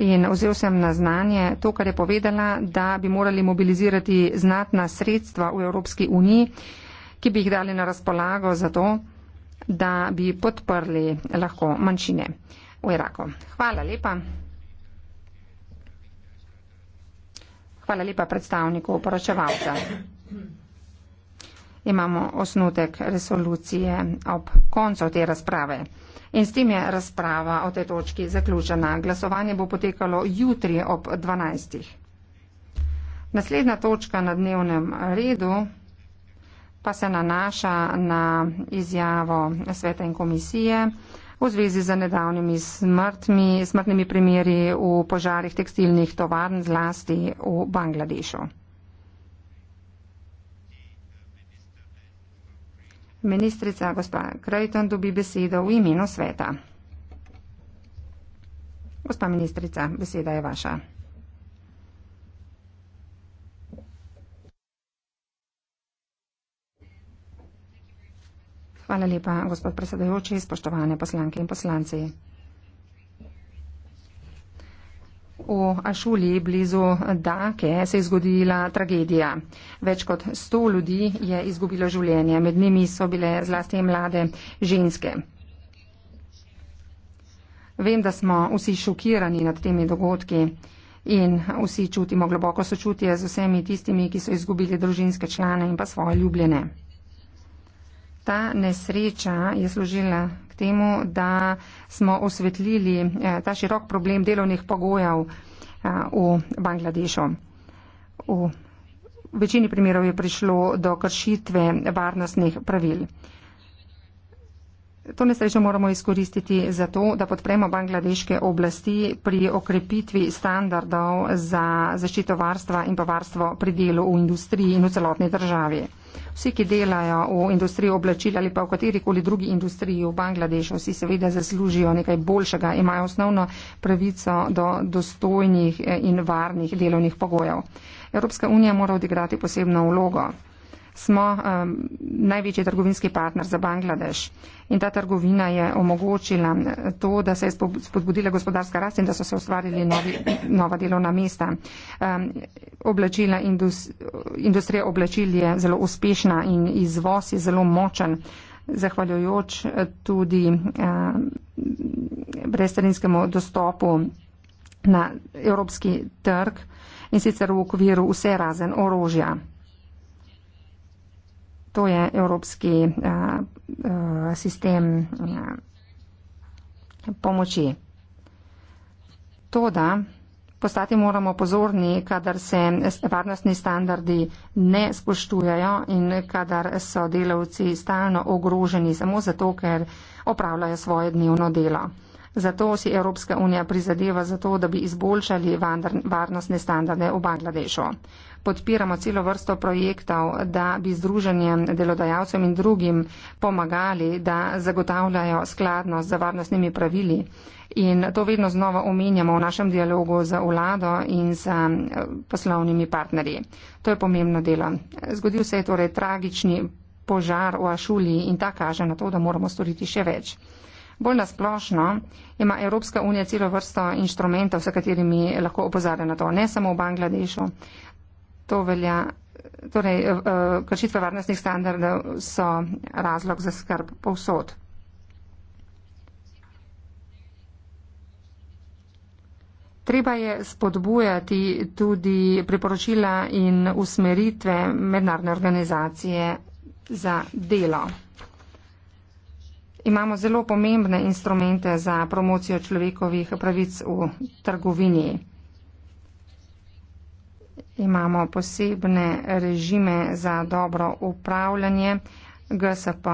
in vzel sem na znanje to, kar je povedala, da bi morali mobilizirati znatna sredstva v Evropski uniji, ki bi jih dali na razpolago za to, da bi podprli lahko manjšine v Iraku. Hvala lepa. Hvala lepa predstavniku poročevalca imamo osnutek resolucije ob koncu te razprave. In s tem je razprava o tej točki zaključena. Glasovanje bo potekalo jutri ob 12. Naslednja točka na dnevnem redu pa se nanaša na izjavo sveta in komisije v zvezi z nedavnimi smrtmi, smrtnimi primeri v požarih tekstilnih tovarn zlasti v Bangladešu. Ministrica gospa Krejton dobi besedo v imenu sveta. Gospa ministrica, beseda je vaša. Hvala lepa, gospod predsedujoči, spoštovane poslanke in poslanci. v Ašuli blizu Dake se je zgodila tragedija. Več kot 100 ljudi je izgubilo življenje, med njimi so bile zlasti mlade ženske. Vem, da smo vsi šokirani nad temi dogodki in vsi čutimo globoko sočutje z vsemi tistimi, ki so izgubili družinske člane in pa svoje ljubljene ta nesreča je služila k temu, da smo osvetlili eh, ta širok problem delovnih pogojev eh, v Bangladešu. V večini primerov je prišlo do kršitve varnostnih pravil. To nesrečo moramo izkoristiti za to, da podpremo bangladeške oblasti pri okrepitvi standardov za zaščito varstva in pa varstvo pri delu v industriji in v celotni državi. Vsi, ki delajo v industriji oblačil ali pa v katerikoli drugi industriji v Bangladešu, si seveda zaslužijo nekaj boljšega, imajo osnovno pravico do dostojnih eh, in varnih delovnih pogojev. Evropska unija mora odigrati posebno vlogo smo um, največji trgovinski partner za Bangladeš. In ta trgovina je omogočila uh, to, da se je spodbudila gospodarska rast in da so se ustvarili novi, nova delovna mesta. Um, oblačila, indus, industrija oblačil je zelo uspešna in izvoz je zelo močen, zahvaljujoč uh, tudi um, uh, brezterinskemu dostopu na evropski trg in sicer v okviru vse razen orožja. To je evropski eh, eh, sistem eh, pomoči. To, da postati moramo pozorni, kadar se varnostni standardi ne spoštujajo in kadar so delavci stalno ogroženi samo zato, ker opravljajo svoje dnevno delo. Zato si Evropska unija prizadeva za to, da bi izboljšali varnostne standarde v Bangladešu. Podpiramo celo vrsto projektov, da bi združenjem delodajalcem in drugim pomagali, da zagotavljajo skladnost za varnostnimi pravili. In to vedno znova omenjamo v našem dialogu z vlado in z eh, poslovnimi partnerji. To je pomembno delo. Zgodil se je torej tragični požar v Ašuli in ta kaže na to, da moramo storiti še več. Bolj nasplošno ima Evropska unija celo vrsto inštrumentov, s katerimi lahko opozarja na to, ne samo v Bangladešu. To velja, torej, eh, eh, kršitve varnostnih standardov so razlog za skrb povsod. Treba je spodbujati tudi priporočila in usmeritve mednarodne organizacije za delo imamo zelo pomembne instrumente za promocijo človekovih pravic v trgovini. Imamo posebne režime za dobro upravljanje, GSP.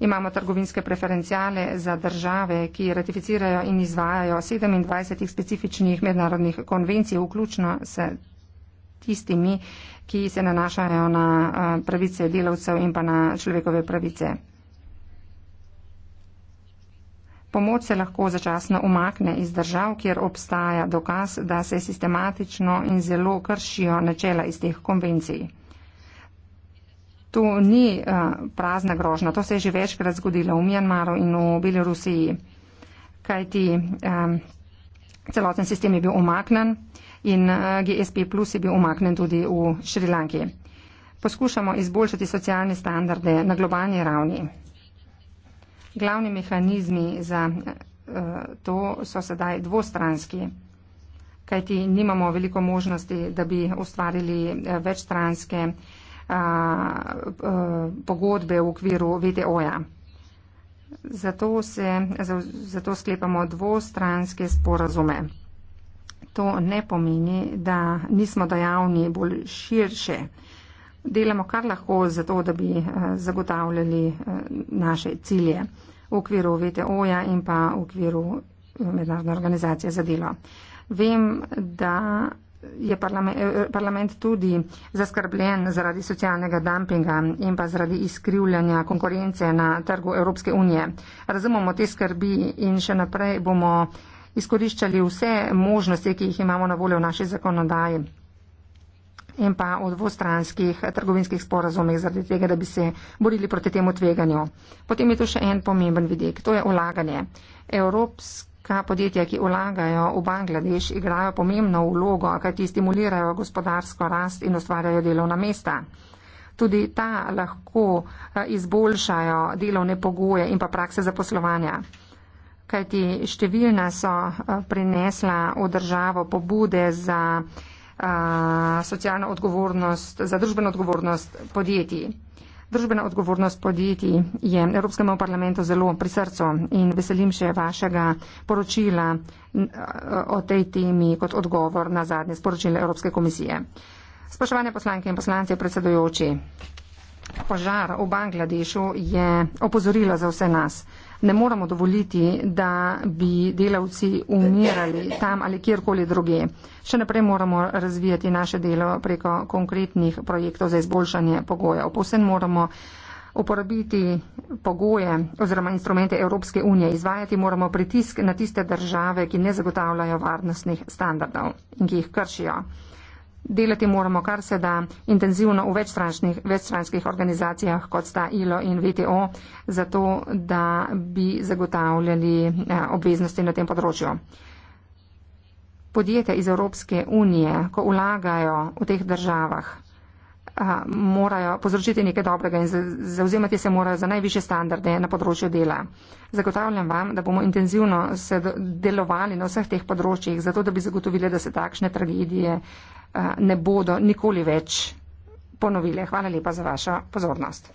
Imamo trgovinske preferencijale za države, ki ratificirajo in izvajajo 27 specifičnih mednarodnih konvencij, vključno s tistimi, ki se nanašajo na eh, pravice delavcev in pa na človekove pravice. Pomoč se lahko začasno umakne iz držav, kjer obstaja dokaz, da se sistematično in zelo kršijo načela iz teh konvencij. To ni uh, prazna grožna, to se je že večkrat zgodilo v Mjanmaru in v Belorusiji, kajti um, celoten sistem je bil umaknen in uh, eh, GSP plus je bil umaknen tudi v Šrilanki. Poskušamo izboljšati socialne standarde na globalni ravni. Glavni mehanizmi za eh, to so sedaj dvostranski, kajti nimamo veliko možnosti, da bi ustvarili eh, večstranske eh, pogodbe v okviru VTO-ja. Zato, se, zato sklepamo dvostranske sporazume. To ne pomeni, da nismo dejavni bolj širše delamo kar lahko za to, da bi eh, zagotavljali eh, naše cilje v okviru VTO-ja in pa v okviru eh, Mednarodne organizacije za delo. Vem, da je parlament tudi zaskrbljen zaradi socialnega dumpinga in pa zaradi izkrivljanja konkurence na trgu Evropske unije. Razumemo te skrbi in še naprej bomo izkoriščali vse možnosti, ki jih imamo na voljo v naši zakonodaji in pa o dvostranskih trgovinskih sporazumih zaradi tega, da bi se borili proti temu tveganju. Potem je tu še en pomemben vidik, to je ulaganje. Evropska podjetja, ki ulagajo v Bangladeš, igrajo pomembno vlogo, kajti stimulirajo gospodarsko rast in ustvarjajo delovna mesta. Tudi ta lahko eh, izboljšajo delovne pogoje in pa prakse zaposlovanja. Kajti številna so eh, prinesla v državo pobude za socialno odgovornost, za družbeno odgovornost podjetij. Družbena odgovornost podjetij je Evropskemu parlamentu zelo pri srcu in veselim še vašega poročila o tej temi kot odgovor na zadnje sporočile Evropske komisije. Spoštovane poslanke in poslanci, predsedujoči, požar v Bangladešu je opozorilo za vse nas ne moremo dovoliti, da bi delavci umirali tam ali kjerkoli druge. Še naprej moramo razvijati naše delo preko konkretnih projektov za izboljšanje pogojev. Povsem moramo uporabiti pogoje oziroma instrumente Evropske unije, izvajati moramo pritisk na tiste države, ki ne zagotavljajo varnostnih standardov in ki jih kršijo delati moramo kar se da intenzivno v večstranskih organizacijah, kot sta ILO in VTO, zato da bi zagotavljali eh, obveznosti na tem področju. Podjetja iz Evropske unije, ko vlagajo v teh državah, eh, morajo povzročiti nekaj dobrega in zauzemati se morajo za najviše standarde na področju dela. Zagotavljam vam, da bomo intenzivno se delovali na vseh teh področjih, zato da bi zagotovili, da se takšne tragedije Eh, ne bodo nikoli več ponovile. Hvala lepa za vašo pozornost.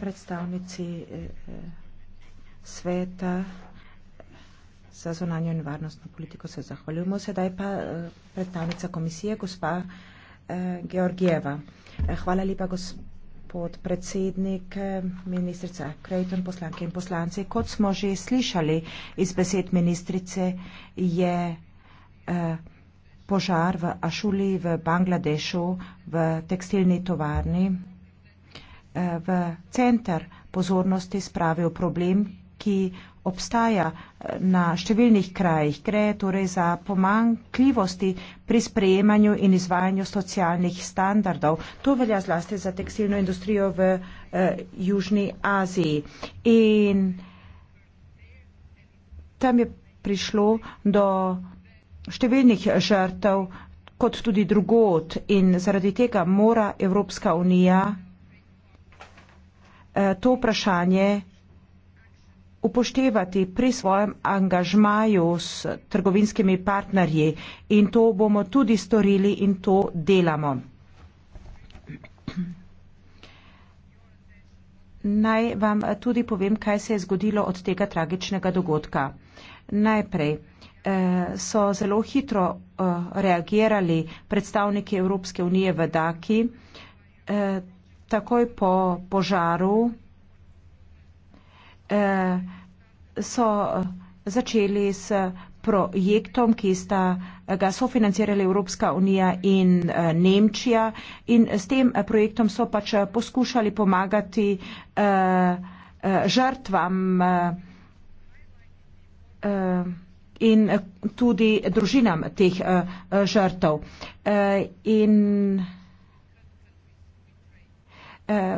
Predstavnici sveta za zonanje in varnostno politiko se zahvaljujemo. Sedaj pa e, predstavnica komisije, gospa e, Georgieva. E, hvala lepa, gospod gospod predsednik, ministrica Krejton, poslanke in poslanci. Kot smo že slišali iz besed ministrice, je eh, požar v Ašuli v Bangladešu v tekstilni tovarni eh, v center pozornosti spravil problem, ki obstaja eh, na številnih krajih. Gre torej za pomankljivosti pri sprejemanju in izvajanju socialnih standardov. To velja zlasti za tekstilno industrijo v eh, Južni Aziji. In tam je prišlo do številnih žrtev, kot tudi drugot. In zaradi tega mora Evropska unija eh, to vprašanje upoštevati pri svojem angažmaju s trgovinskimi partnerji in to bomo tudi storili in to delamo. Naj vam tudi povem, kaj se je zgodilo od tega tragičnega dogodka. Najprej eh, so zelo hitro eh, reagirali predstavniki Evropske unije v Daki, eh, takoj po požaru Eh, so začeli s projektom, ki sta ga sofinancirali Evropska unija in eh, Nemčija. In s tem eh, projektom so pač poskušali pomagati žrtvam in tudi družinam teh žrtev. In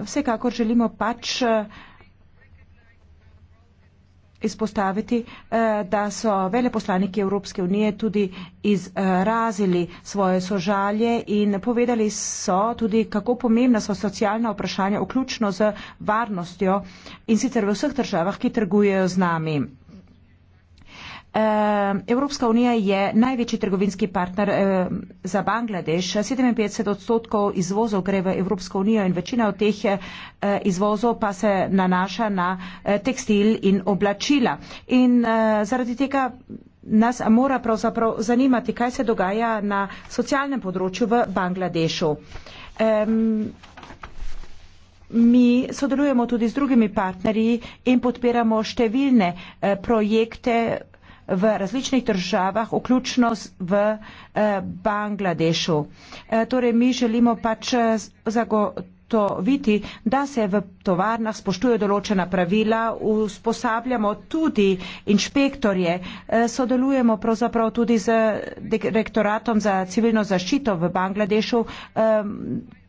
vsekakor želimo pač izpostaviti, eh, da so veleposlaniki Evropske unije tudi izrazili svoje sožalje in povedali so tudi, kako pomembna so socialna vprašanja, vključno z varnostjo in sicer v vseh državah, ki trgujejo z nami. Evropska unija je največji trgovinski partner za Bangladeš. 57 odstotkov izvozov gre v Evropsko unijo in večina od teh eh, izvozov pa se nanaša na eh, tekstil in oblačila. In eh, zaradi tega nas mora pravzaprav zanimati, kaj se dogaja na socialnem področju v Bangladešu. Mi sodelujemo tudi z drugimi partnerji in podpiramo številne projekte v različnih državah, vključno v eh, Bangladešu. Eh, torej, mi želimo pač eh, zagotoviti, da se v tovarnah spoštujo določena pravila, usposabljamo tudi inšpektorje, sodelujemo pravzaprav tudi z direktoratom za civilno zaščito v Bangladešu.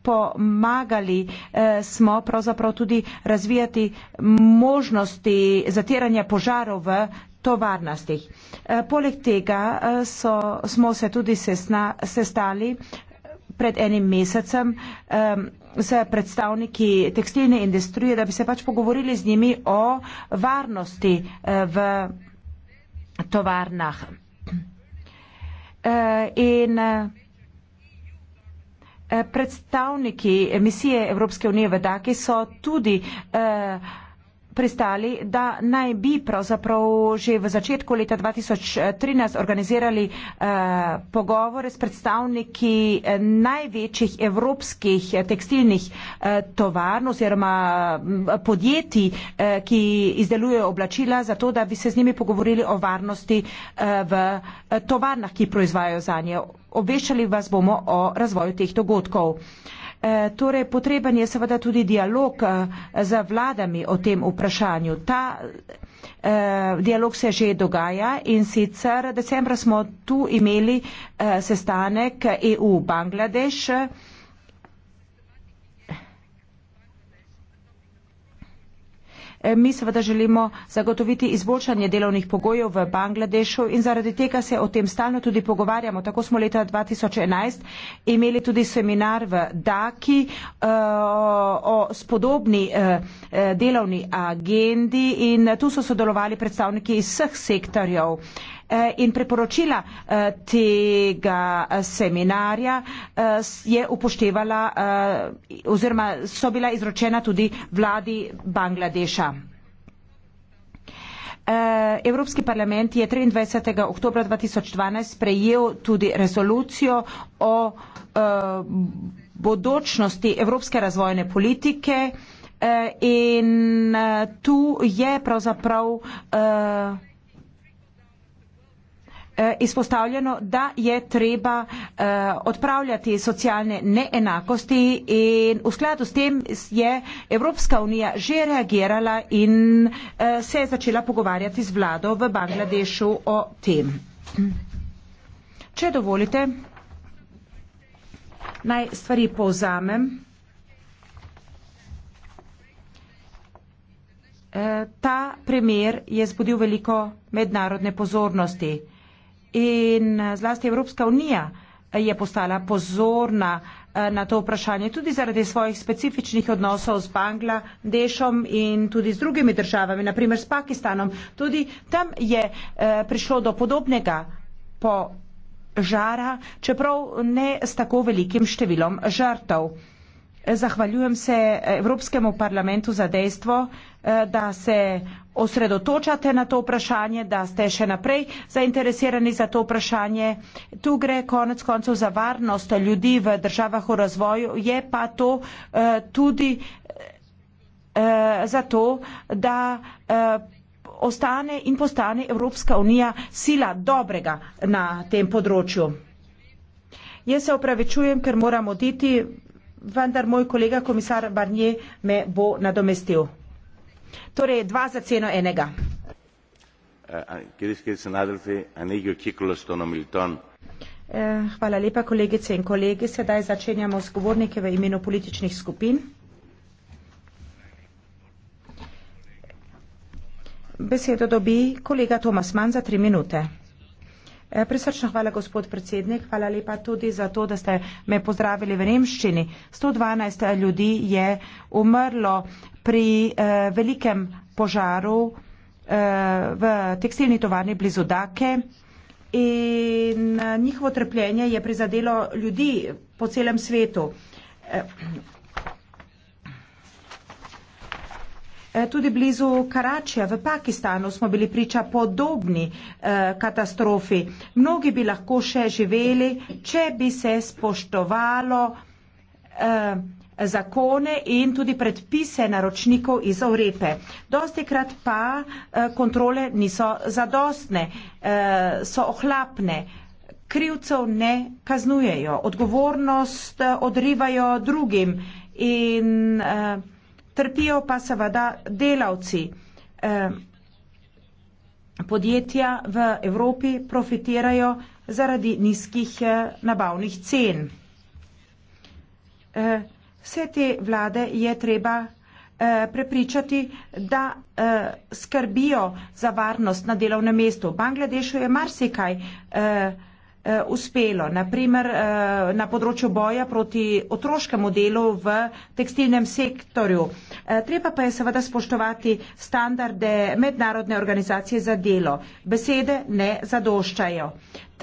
Pomagali smo pravzaprav tudi razvijati možnosti zatiranja požarov v to varnostih. Eh, poleg tega eh, so, smo se tudi sesna, sestali eh, pred enim mesecem s predstavniki tekstilne industrije, da bi se pač pogovorili z njimi o varnosti v tovarnah. In predstavniki misije Evropske unije v Daki so tudi pristali, da naj bi pravzaprav že v začetku leta 2013 organizirali uh, pogovore s predstavniki eh, največjih evropskih eh, tekstilnih uh, tovarn oziroma mm, podjetij, uh, ki izdelujejo oblačila, zato da bi se z njimi pogovorili o varnosti uh, v tovarnah, ki proizvajajo zanje. Obveščali vas bomo o razvoju teh dogodkov. Uh, E, torej potreben je seveda tudi dialog e, z vladami o tem vprašanju. Ta e, dialog se že dogaja in sicer decembra smo tu imeli sestanek EU-Bangladeš E, mi seveda želimo zagotoviti izboljšanje delovnih pogojev v Bangladešu in zaradi tega se o tem stalno tudi pogovarjamo. Tako smo leta 2011 imeli tudi seminar v Daki e, o spodobni e, delovni agendi in tu so sodelovali predstavniki iz vseh sektorjev. Eh, in priporočila eh, tega eh, seminarja je upoštevala oziroma so bila izročena tudi vladi Bangladeša. Evropski parlament je 23. oktober 2012 sprejel tudi rezolucijo o bodočnosti evropske razvojne politike in tu je pravzaprav uh Eh, izpostavljeno, da je treba eh, odpravljati socialne neenakosti in v skladu s tem je Evropska unija že reagirala in eh, se je začela pogovarjati z vlado v Bangladešu o tem. Če dovolite, naj stvari povzamem. Ta primer je zbudil veliko mednarodne pozornosti in eh, zlasti Evropska unija eh, je postala pozorna eh, na to vprašanje tudi zaradi svojih specifičnih odnosov z Bangladešom in tudi z drugimi državami, naprimer s Pakistanom. Tudi tam je prišlo do podobnega požara, čeprav ne s tako velikim številom žrtev. Zahvaljujem se Evropskemu parlamentu za dejstvo, da se osredotočate na to vprašanje, da ste še naprej zainteresirani za to vprašanje. Tu gre konec koncev za varnost ljudi v državah v razvoju, je pa to uh, tudi uh, eh, zato, da. Uh, ostane in postane Evropska unija sila dobrega na tem področju. Jaz se opravičujem, ker moram oditi, vendar moj kolega komisar Barnier me bo nadomestil torej dva za ceno enega. Eh, eh, hvala lepa kolegice in kolegi. Sedaj začenjamo s govornike v imenu političnih skupin. Besedo dobi kolega Tomas Mann za tri minute. Eh, prisrčno hvala, gospod predsednik. Hvala lepa tudi za to, da ste me pozdravili v Nemščini. 112 ljudi je umrlo pri eh, velikem požaru eh, v tekstilni tovarni blizu Dake in eh, njihovo trpljenje je prizadelo ljudi po celem svetu. Eh, eh, tudi blizu Karačija v Pakistanu smo bili priča podobni eh, katastrofi. Mnogi bi lahko še živeli, če bi se spoštovalo. Eh, zakone in tudi predpise naročnikov iz Evrope. Dostikrat pa eh, kontrole niso zadostne, eh, so ohlapne, krivcev ne kaznujejo, odgovornost eh, odrivajo drugim in trpijo pa seveda delavci. Podjetja v Evropi profitirajo zaradi nizkih nabavnih cen vse te vlade je treba eh, prepričati, da eh, skrbijo za varnost na delovnem mestu. V Bangladešu je marsikaj eh, eh, uspelo, naprimer eh, na področju boja proti otroškemu delu v tekstilnem sektorju. Eh, treba pa je seveda spoštovati standarde mednarodne organizacije za delo. Besede ne zadoščajo.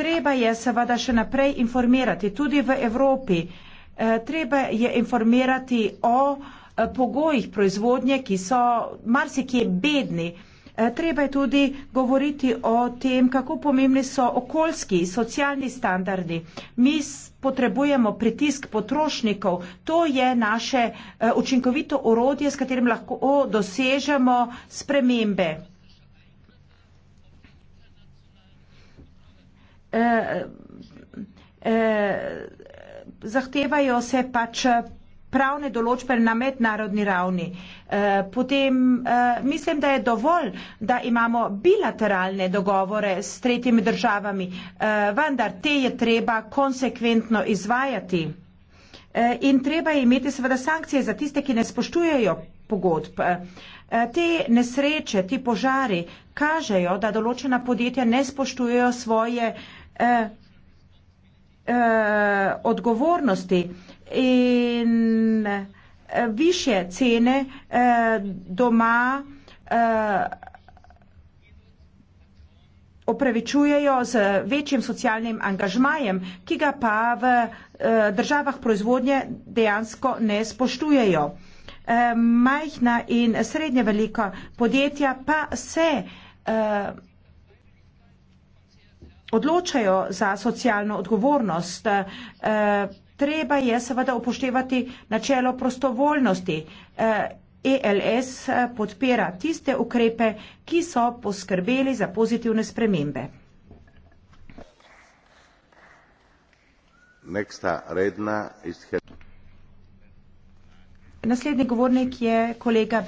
Treba je seveda še naprej informirati tudi v Evropi. Eh, Eh, treba je informirati o eh, pogojih proizvodnje, ki so marsikje bedni. Eh, treba je tudi govoriti o tem, kako pomembni so okoljski, socialni standardi. Mi potrebujemo pritisk potrošnikov, to je naše učinkovito orodje, s katerim lahko dosežemo spremembe. E, e, zahtevajo se pač eh, pravne določbe na mednarodni ravni. Eh, potem eh, mislim, da je dovolj, da imamo bilateralne dogovore s tretjimi državami, vendar te je treba konsekventno izvajati. In treba imeti seveda sankcije za tiste, ki ne spoštujejo pogodb. Te nesreče, ti požari kažejo, da določena podjetja ne spoštujejo svoje eh, odgovornosti in eh, više cene eh, doma eh, opravičujejo z večjim socialnim angažmajem, ki ga pa v eh, državah proizvodnje dejansko ne spoštujejo. Eh, majhna in srednje velika podjetja pa se eh, odločajo za socialno odgovornost. Eh, treba je seveda upoštevati načelo prostovoljnosti. ELS eh, e eh, podpira tiste ukrepe, ki so poskrbeli za pozitivne spremembe. Next, uh, redna is Naslednji govornik je kolega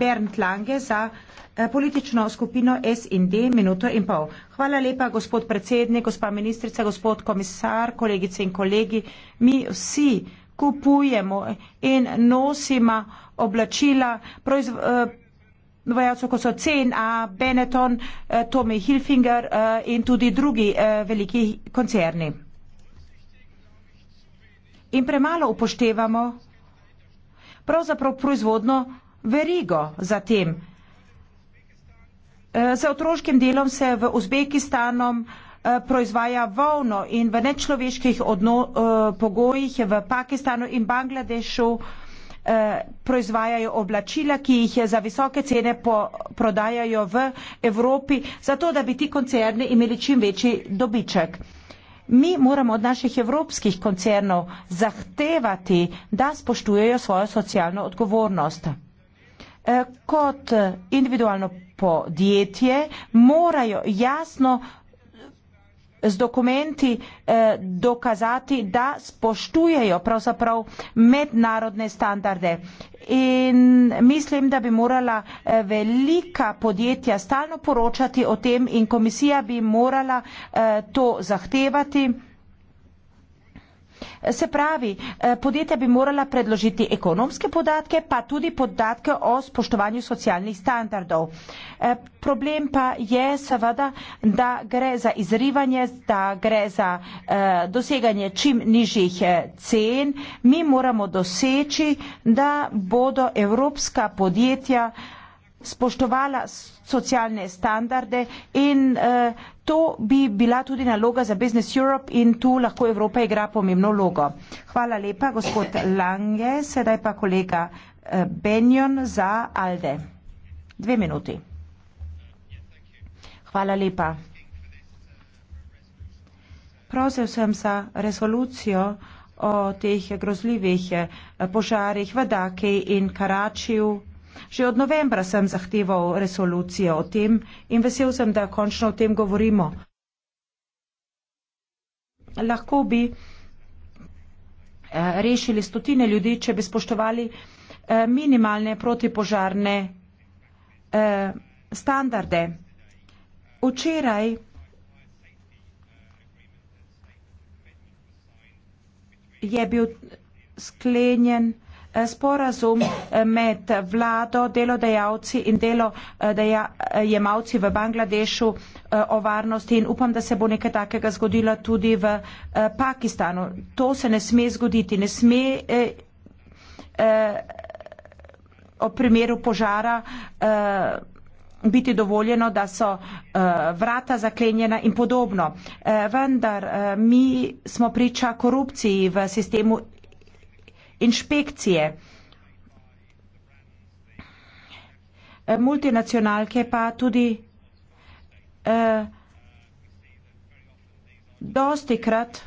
Bernd Lange za eh, politično skupino S&D minuto in pol. Hvala lepa, gospod predsednik, gospa ministrica, gospod komisar, kolegice in kolegi. Mi vsi kupujemo in nosimo oblačila proizvajalcev, eh, kot so CNA, Benetton, eh, Tommy Hilfinger in tudi drugi veliki koncerni. In premalo upoštevamo pravzaprav proizvodno verigo za tem. Eh, Z otroškim delom se v Uzbekistanu eh, proizvaja volno in v nečloveških odno, eh, pogojih v Pakistanu in Bangladešu proizvajajo oblačila, ki jih za visoke cene po, prodajajo v Evropi, zato da bi ti koncerni imeli čim večji dobiček mi moramo od naših evropskih koncernov zahtevati, da spoštujejo svojo socialno odgovornost. Eh, kot individualno podjetje morajo jasno z dokumenti eh, dokazati, da spoštujejo pravzaprav mednarodne standarde. In mislim, da bi morala eh, velika podjetja stalno poročati o tem in komisija bi morala eh, to zahtevati. Se pravi, eh, podjetja bi morala predložiti ekonomske podatke, pa tudi podatke o spoštovanju socialnih standardov. Eh, problem pa je seveda, da gre za izrivanje, da gre za eh, doseganje čim nižjih cen. Mi moramo doseči, da bodo evropska podjetja spoštovala socialne standarde in eh, to bi bila tudi naloga za Business Europe in tu lahko Evropa igra pomembno vlogo. Hvala lepa, gospod Lange, sedaj pa kolega eh, Benjon za Alde. Dve minuti. Hvala lepa. Prosil sem za resolucijo o teh grozljivih eh, požarih v Daki in Karačiju. Že od novembra sem zahteval resolucijo o tem in vesel sem, da končno o tem govorimo. Lahko bi eh, rešili stotine ljudi, če bi spoštovali eh, minimalne protipožarne eh, standarde. Včeraj je bil sklenjen sporazum eh, med vlado, delodajalci in delodajemalci v Bangladešu eh, o varnosti in upam, da se bo nekaj takega zgodilo tudi v eh, Pakistanu. To se ne sme zgoditi. Ne sme o primeru požara biti dovoljeno, da so vrata zaklenjena in podobno. Vendar mi smo priča korupciji v sistemu inšpekcije. Eh, multinacionalke pa tudi eh, dosti krat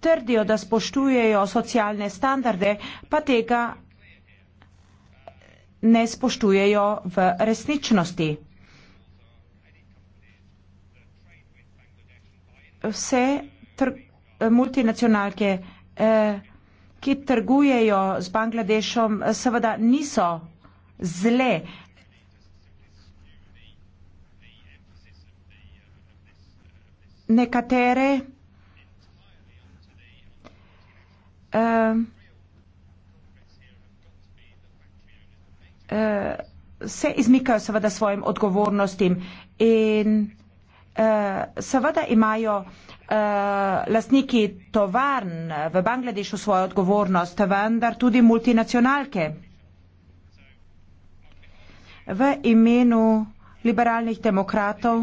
trdijo, da spoštujejo socialne standarde, pa tega ne spoštujejo v resničnosti. Vse multinacionalke eh, ki trgujejo z Bangladešom, seveda niso zle. Nekatere uh, uh, se izmikajo seveda svojim odgovornostim in uh, seveda imajo uh, Eh, lastniki tovarn v Bangladešu svojo odgovornost, vendar tudi multinacionalke. V imenu liberalnih demokratov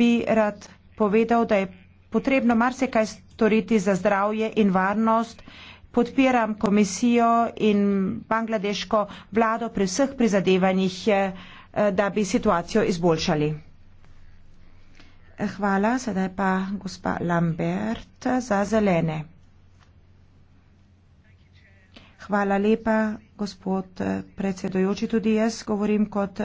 bi rad povedal, da je potrebno marsikaj storiti za zdravje in varnost. Podpiram komisijo in bangladeško vlado pri vseh prizadevanjih, eh, da bi situacijo izboljšali. Hvala, sedaj pa gospa Lambert za zelene. Hvala lepa, gospod predsedojoči. Tudi jaz govorim kot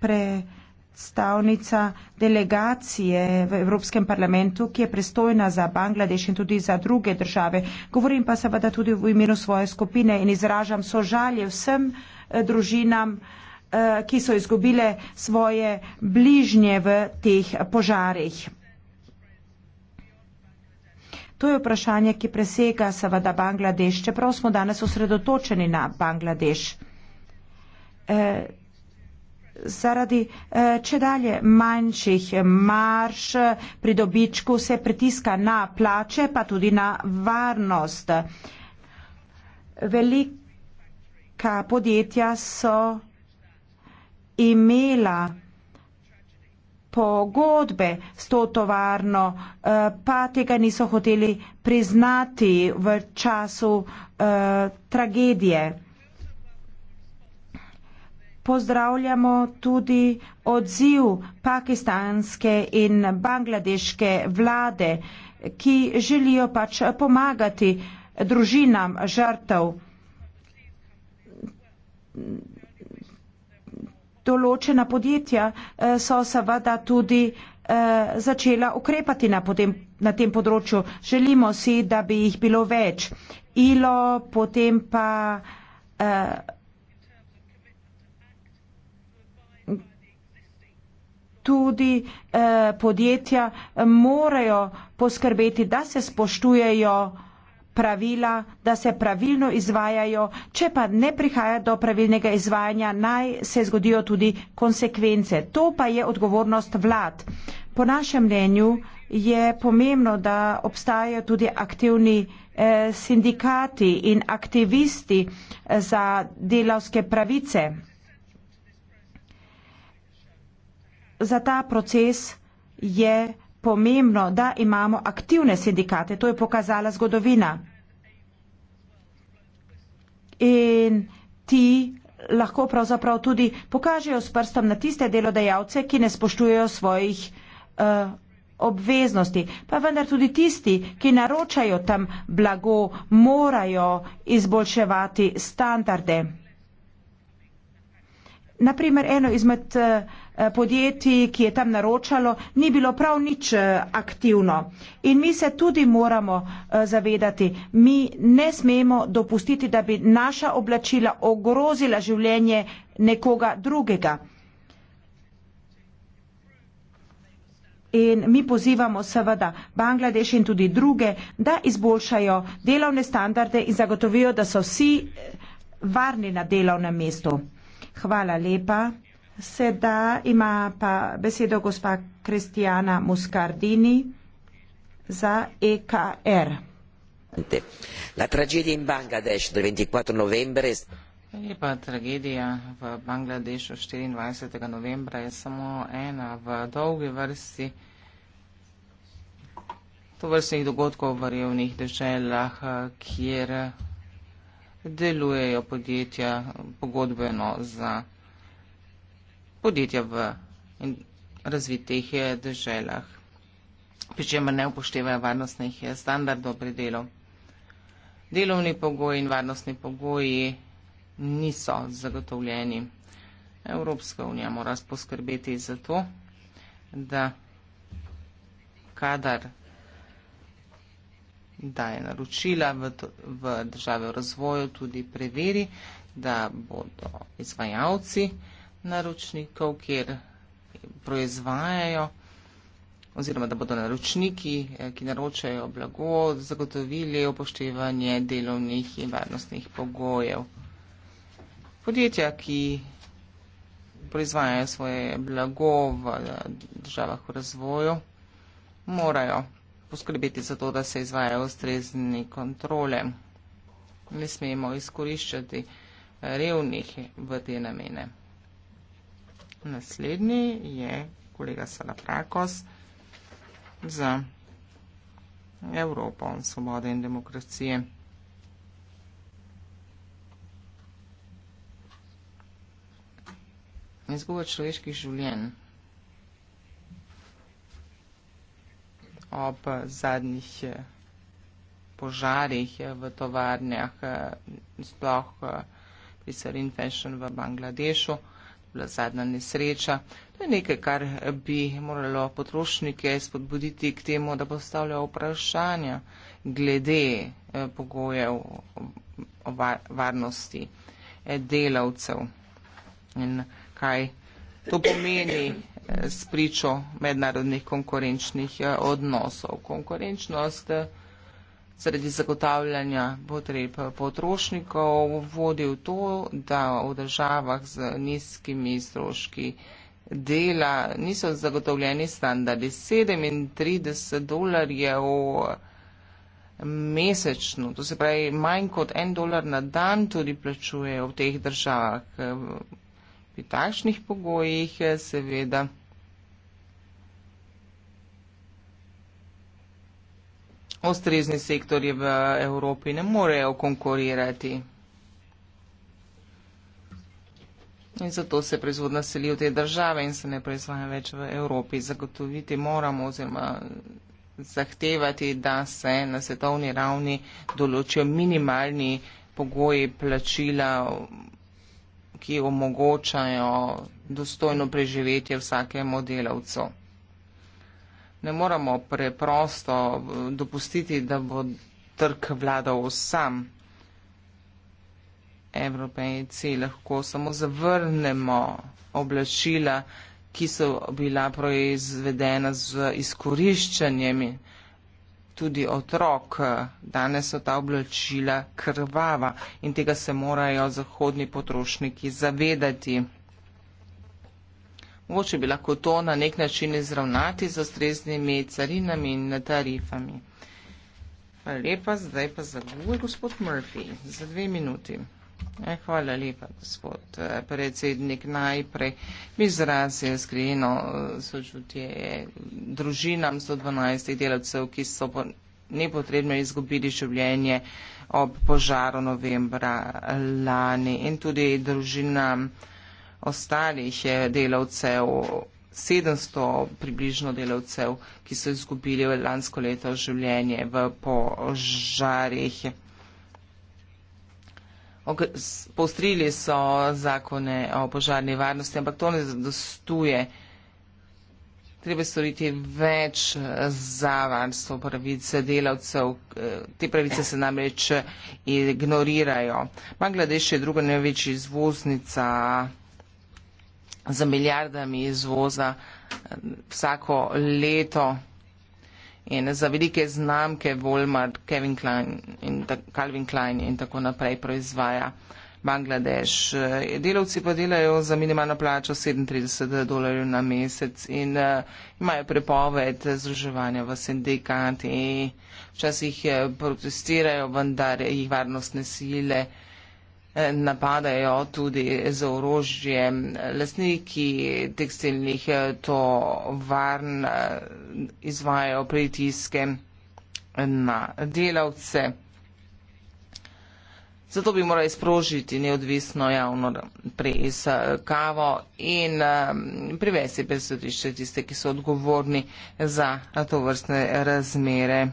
predstavnica delegacije v Evropskem parlamentu, ki je prestojna za Bangladeš in tudi za druge države. Govorim pa seveda tudi v imenu svoje skupine in izražam sožalje vsem družinam, Eh, ki so izgubile svoje bližnje v teh požarih. To je vprašanje, ki presega seveda Bangladeš, čeprav smo danes osredotočeni na Bangladeš. E, zaradi e, eh, če dalje manjših marš pri dobičku se pritiska na plače, pa tudi na varnost. Velika podjetja so imela pogodbe s to tovarno, eh, pa tega niso hoteli priznati v času eh, tragedije. Pozdravljamo tudi odziv pakistanske in bangladeške vlade, ki želijo pač pomagati družinam žrtev določena podjetja eh, so seveda tudi eh, začela ukrepati na, potem, na tem področju. Želimo si, da bi jih bilo več. ILO, potem pa eh, tudi podjetja morajo poskrbeti, da se spoštujejo pravila, da se pravilno izvajajo, če pa ne prihaja do pravilnega izvajanja, naj se zgodijo tudi konsekvence. To pa je odgovornost vlad. Po našem mnenju je pomembno, da obstajajo tudi aktivni eh, sindikati in aktivisti eh, za delavske pravice. Za ta proces je pomembno, da imamo aktivne sindikate. To je pokazala zgodovina. In ti lahko pravzaprav tudi pokažejo s prstom na tiste delodajalce, ki ne spoštujejo svojih uh, obveznosti. Pa vendar tudi tisti, ki naročajo tam blago, morajo izboljševati standarde. Naprimer, eno izmed uh, Eh, podjetij, ki je tam naročalo, ni bilo prav nič eh, aktivno. In mi se tudi moramo eh, zavedati, mi ne smemo dopustiti, da bi naša oblačila ogrozila življenje nekoga drugega. In mi pozivamo seveda Bangladeš in tudi druge, da izboljšajo delovne standarde in zagotovijo, da so vsi varni na delovnem mestu. Hvala lepa. Sedaj ima pa besedo gospa Kristijana Muscardini za EKR. La tragedija in Bangladeš 24. novembra. Lepa tragedija v Bangladešu 24. novembra je samo ena v dolgi vrsti tovrstnih dogodkov v revnih državah, kjer delujejo podjetja pogodbeno za podjetja v razvitih eh, državah, pri čemer ne upoštevajo varnostnih eh, standardov pri delu. Delovni pogoji in varnostni pogoji niso zagotovljeni. Evropska unija mora poskrbeti za to, da kadar daje naročila v, v države v razvoju, tudi preveri, da bodo izvajalci uh, naročnikov, kjer proizvajajo, oziroma da bodo naročniki, eh, ki naročajo blago, zagotovili upoštevanje delovnih in varnostnih pogojev. Podjetja, ki proizvajajo svoje blago v eh, državah v razvoju, morajo poskrbeti za to, da se izvajajo ustrezni kontrole. Ne smemo izkoriščati eh, revnih v te namene. Naslednji je kolega Salaprakos za Evropo, svobode in demokracije. Izguba človeških življenj ob zadnjih eh, požarih eh, v tovarnjah, eh, sploh pri Sarin Fashion v Bangladešu bila zadnja nesreča. To je nekaj, kar bi moralo potrošnike spodbuditi k temu, da postavljajo vprašanja glede eh, pogojev varnosti eh, delavcev in kaj to pomeni eh, spričo mednarodnih konkurenčnih odnosov. Konkurenčnost zaradi zagotavljanja potreb potrošnikov vodil to, da v državah z nizkimi stroški dela niso zagotovljeni standardi. 37 dolarjev mesečno, to se pravi manj kot en dolar na dan tudi plačujejo v teh državah. Pri takšnih pogojih seveda. ostrezni sektorji v Evropi ne morejo konkurirati. In zato se proizvodna seli v te države in se ne proizvaja več v Evropi. Zagotoviti moramo oziroma zahtevati, da se na svetovni ravni določijo minimalni pogoji plačila, ki omogočajo dostojno preživetje vsakemu delavcu ne moremo preprosto dopustiti, da bo trg vladal sam. Evropejci lahko samo zavrnemo oblačila, ki so bila proizvedena z izkoriščanjem tudi otrok. Danes so ta oblačila krvava in tega se morajo zahodni potrošniki zavedati mogoče bi lahko to na nek način izravnati z ustreznimi carinami in tarifami. Hvala lepa, zdaj pa za govor gospod Murphy, za dve minuti. E, hvala lepa, gospod eh, predsednik. Najprej mi izrazi skrijeno eh, sočutje družinam 112 delavcev, ki so nepotrebno izgubili življenje ob požaru novembra lani in tudi družinam ostalih delavcev, 700 približno delavcev, ki so izgubili lansko leto življenje v požarih. Poustrili so zakone o požarni varnosti, ampak to ne zadostuje. Treba storiti več za varstvo pravice delavcev. Te pravice se namreč ignorirajo. Bangladeš je druga največja izvoznica z milijardami izvoza eh, vsako leto in za velike znamke Walmart, Kevin Klein in Calvin Klein in tako naprej proizvaja Bangladeš. Eh, delavci pa delajo za minimalno plačo 37 dolarjev na mesec in eh, imajo prepoved združevanja v sindikati. Včasih protestirajo, vendar jih varnostne sile napadajo tudi z orožjem lasniki tekstilnih eh, tovarn, eh, izvajajo pritiske na delavce. Zato bi morali sprožiti neodvisno javno preiskavo in eh, privesti pred sodišče tiste, ki so odgovorni za to vrstne razmere.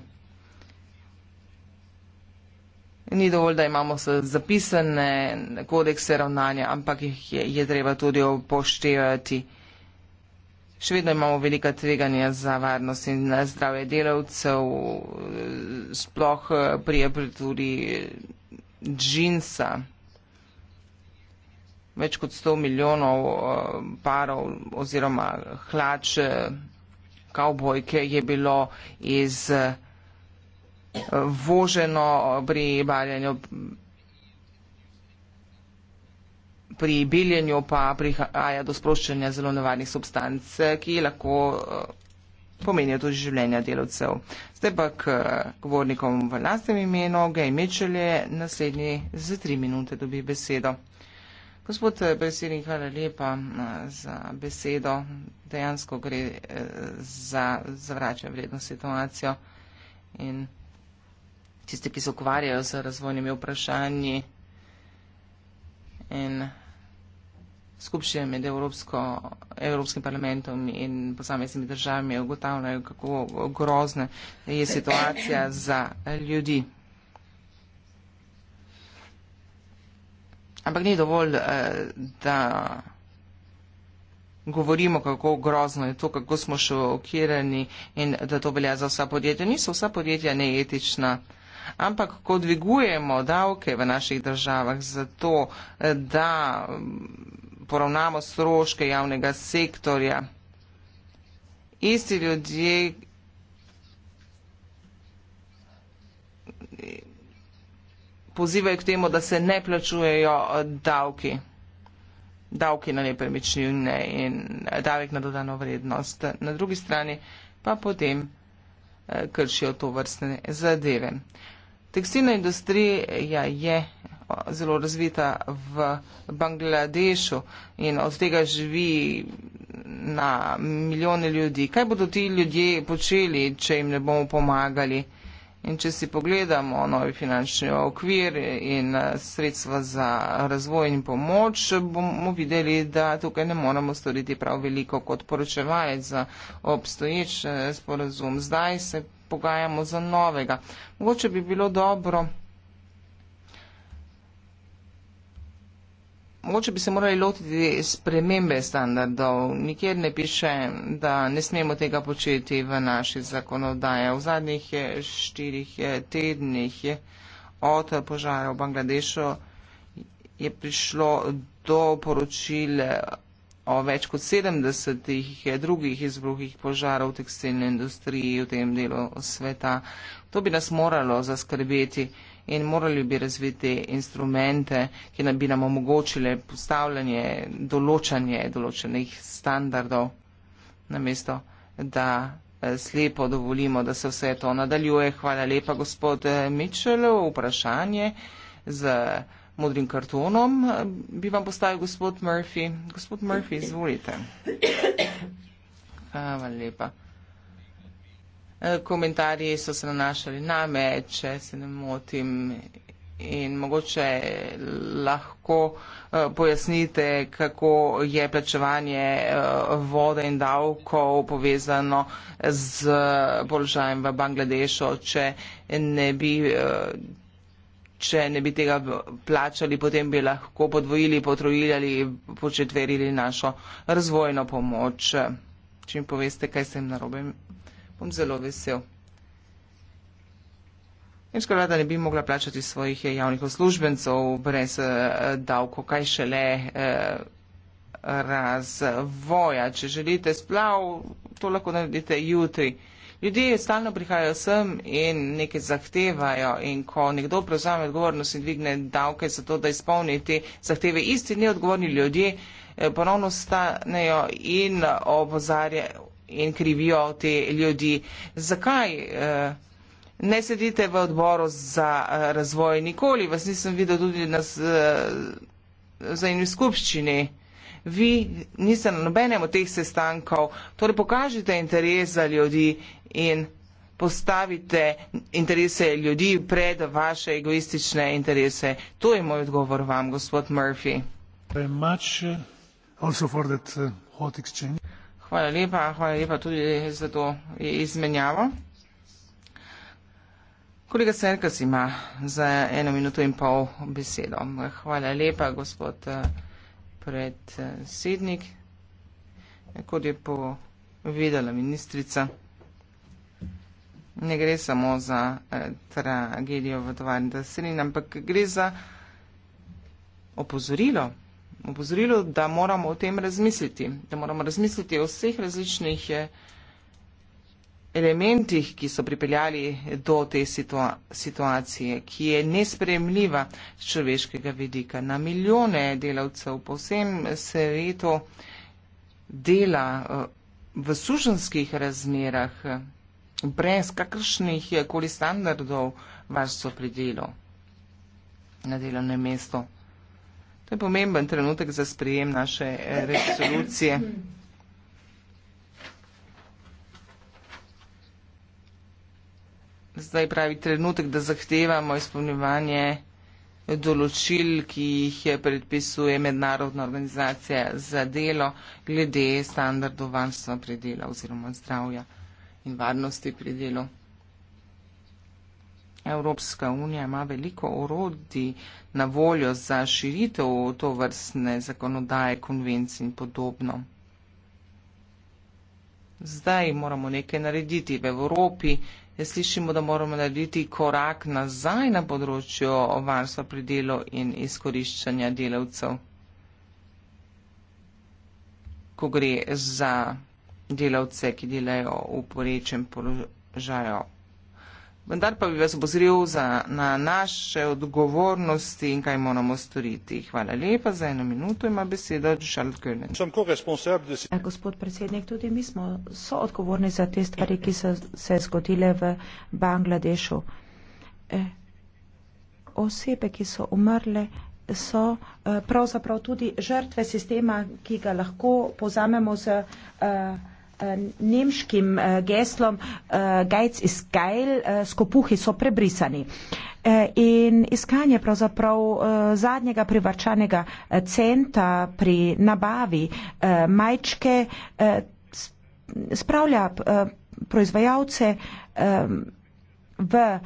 Ni dovolj, da imamo zapisane kodekse ravnanja, ampak jih je, je treba tudi upoštevati. Še vedno imamo velika tveganja za varnost in zdravje delavcev, sploh pri apertuli džinsa. Več kot 100 milijonov eh, parov oziroma hlač eh, kavbojke je bilo iz. Eh, voženo pri baljanju, pri beljenju pa prihaja do sproščanja zelo nevarnih substanc, ki lahko eh, pomenijo tudi življenja delovcev. Zdaj pa k eh, govornikom v lastnem imenu, Gaj Mitchell je naslednji za tri minute dobi besedo. Gospod eh, predsednik, hvala lepa za besedo. Dejansko gre za zavračanje vredno situacijo. In tiste, ki se ukvarjajo z razvojnimi vprašanji in skupšje med Evropsko, Evropskim parlamentom in posameznimi državami ugotavljajo, kako grozna je situacija za ljudi. Ampak ni dovolj, eh, da govorimo, kako grozno je to, kako smo šokirani in da to velja za vsa podjetja. Niso vsa podjetja neetična ampak ko dvigujemo davke v naših državah za to, da mm, poravnamo stroške javnega sektorja, isti ljudje pozivajo k temu, da se ne plačujejo eh, davki davki na nepremičnine in eh, davek na dodano vrednost. Na drugi strani pa potem eh, kršijo to vrstne zadeve. Tekstilna industrija je zelo razvita v Bangladešu in od tega živi na milijone ljudi. Kaj bodo ti ljudje počeli, če jim ne bomo pomagali? In če si pogledamo novi finančni okvir in eh, sredstva za razvoj in pomoč, bomo videli, da tukaj ne moramo storiti prav veliko kot poročevalec za obstoječ eh, sporazum. Zdaj se pogajamo za novega. Mogoče bi bilo dobro, mogoče bi se morali lotiti spremembe standardov. Nikjer ne piše, da ne smemo tega početi v naši zakonodaje. V zadnjih eh, štirih eh, tednih je od požara v Bangladešu je prišlo do poročile eh, o več kot 70 drugih izbruhih požarov v tekstilni industriji v tem delu sveta. To bi nas moralo zaskrbeti in morali bi razviti instrumente, ki bi nam omogočile postavljanje, določanje določenih standardov, namesto da eh, slepo dovolimo, da se vse to nadaljuje. Hvala lepa, gospod eh, Mičel, vprašanje. Z, modrim kartonom, eh, bi vam postavil gospod Murphy. Gospod Murphy, izvolite. Hvala lepa. Eh, komentarji so se nanašali na me, če se ne motim. In mogoče lahko eh, pojasnite, kako je plačevanje vode in davkov povezano z položajem v Bangladešu, če ne bi če ne bi tega plačali, potem bi lahko podvojili, potrojili ali početverili našo razvojno pomoč. Če mi poveste, kaj sem narobe, bom zelo vesel. Nemška vlada ne bi mogla plačati svojih javnih uslužbencov brez eh, davko, kaj šele eh, razvoja. Če želite splav, to lahko naredite jutri. Ljudje stalno prihajajo sem in nekaj zahtevajo in ko nekdo prevzame odgovornost in dvigne davke za to, da izpolni te zahteve, isti neodgovorni ljudje eh, ponovno stanejo in opozarjajo in krivijo te ljudi. Zakaj eh, ne sedite v odboru za eh, razvoj? Nikoli vas nisem videl tudi na vzajemni skupščini vi niste na nobenem od teh sestankov, torej pokažite interes za ljudi in postavite interese ljudi pred vaše egoistične interese. To je moj odgovor vam, gospod Murphy. Uh, uh, hvala lepa, hvala lepa tudi za to izmenjavo. Kolega Serkas ima za eno minuto in pol besedo. Hvala lepa, gospod Murphy predsednik, eh, kot je povedala ministrica. Ne gre samo za eh, tragedijo v tovarni Dasrin, ampak gre za opozorilo. Opozorilo, da moramo o tem razmisliti, da moramo razmisliti o vseh različnih. Je, eh, elementih, ki so pripeljali do te situa situacije, ki je nespremljiva z človeškega vidika. Na milijone delavcev po vsem svetu dela eh, v sužanskih razmerah, brez kakršnih koli standardov varstva pri delu na delovnem mestu. To je pomemben trenutek za sprejem naše eh, resolucije. zdaj pravi trenutek, da zahtevamo izpolnjevanje določil, ki jih je predpisuje Mednarodna organizacija za delo glede standardov varstva pri delu oziroma zdravja in varnosti pri delu. Evropska unija ima veliko orodij na voljo za širitev to vrstne zakonodaje, konvencij in podobno. Zdaj moramo nekaj narediti v Evropi, slišimo, da moramo narediti korak nazaj na področju varstva pri delu in izkoriščanja delavcev, ko gre za delavce, ki delajo v porečem položaju vendar pa bi vas obozril za, na naše odgovornosti in kaj moramo storiti. Hvala lepa, za eno minuto ima beseda Žald Gönen. Gospod predsednik, tudi mi smo so odgovorni za te stvari, ki so se zgodile v Bangladešu. E, osebe, ki so umrle, so eh, pravzaprav tudi žrtve sistema, ki ga lahko pozamemo z. E, Eh, nemškim eh, geslom Gajc iz Gajl, skopuhi so prebrisani. Eh, in iskanje pravzaprav zadnjega privrčanega centa pri nabavi majčke spravlja proizvajalce v eh,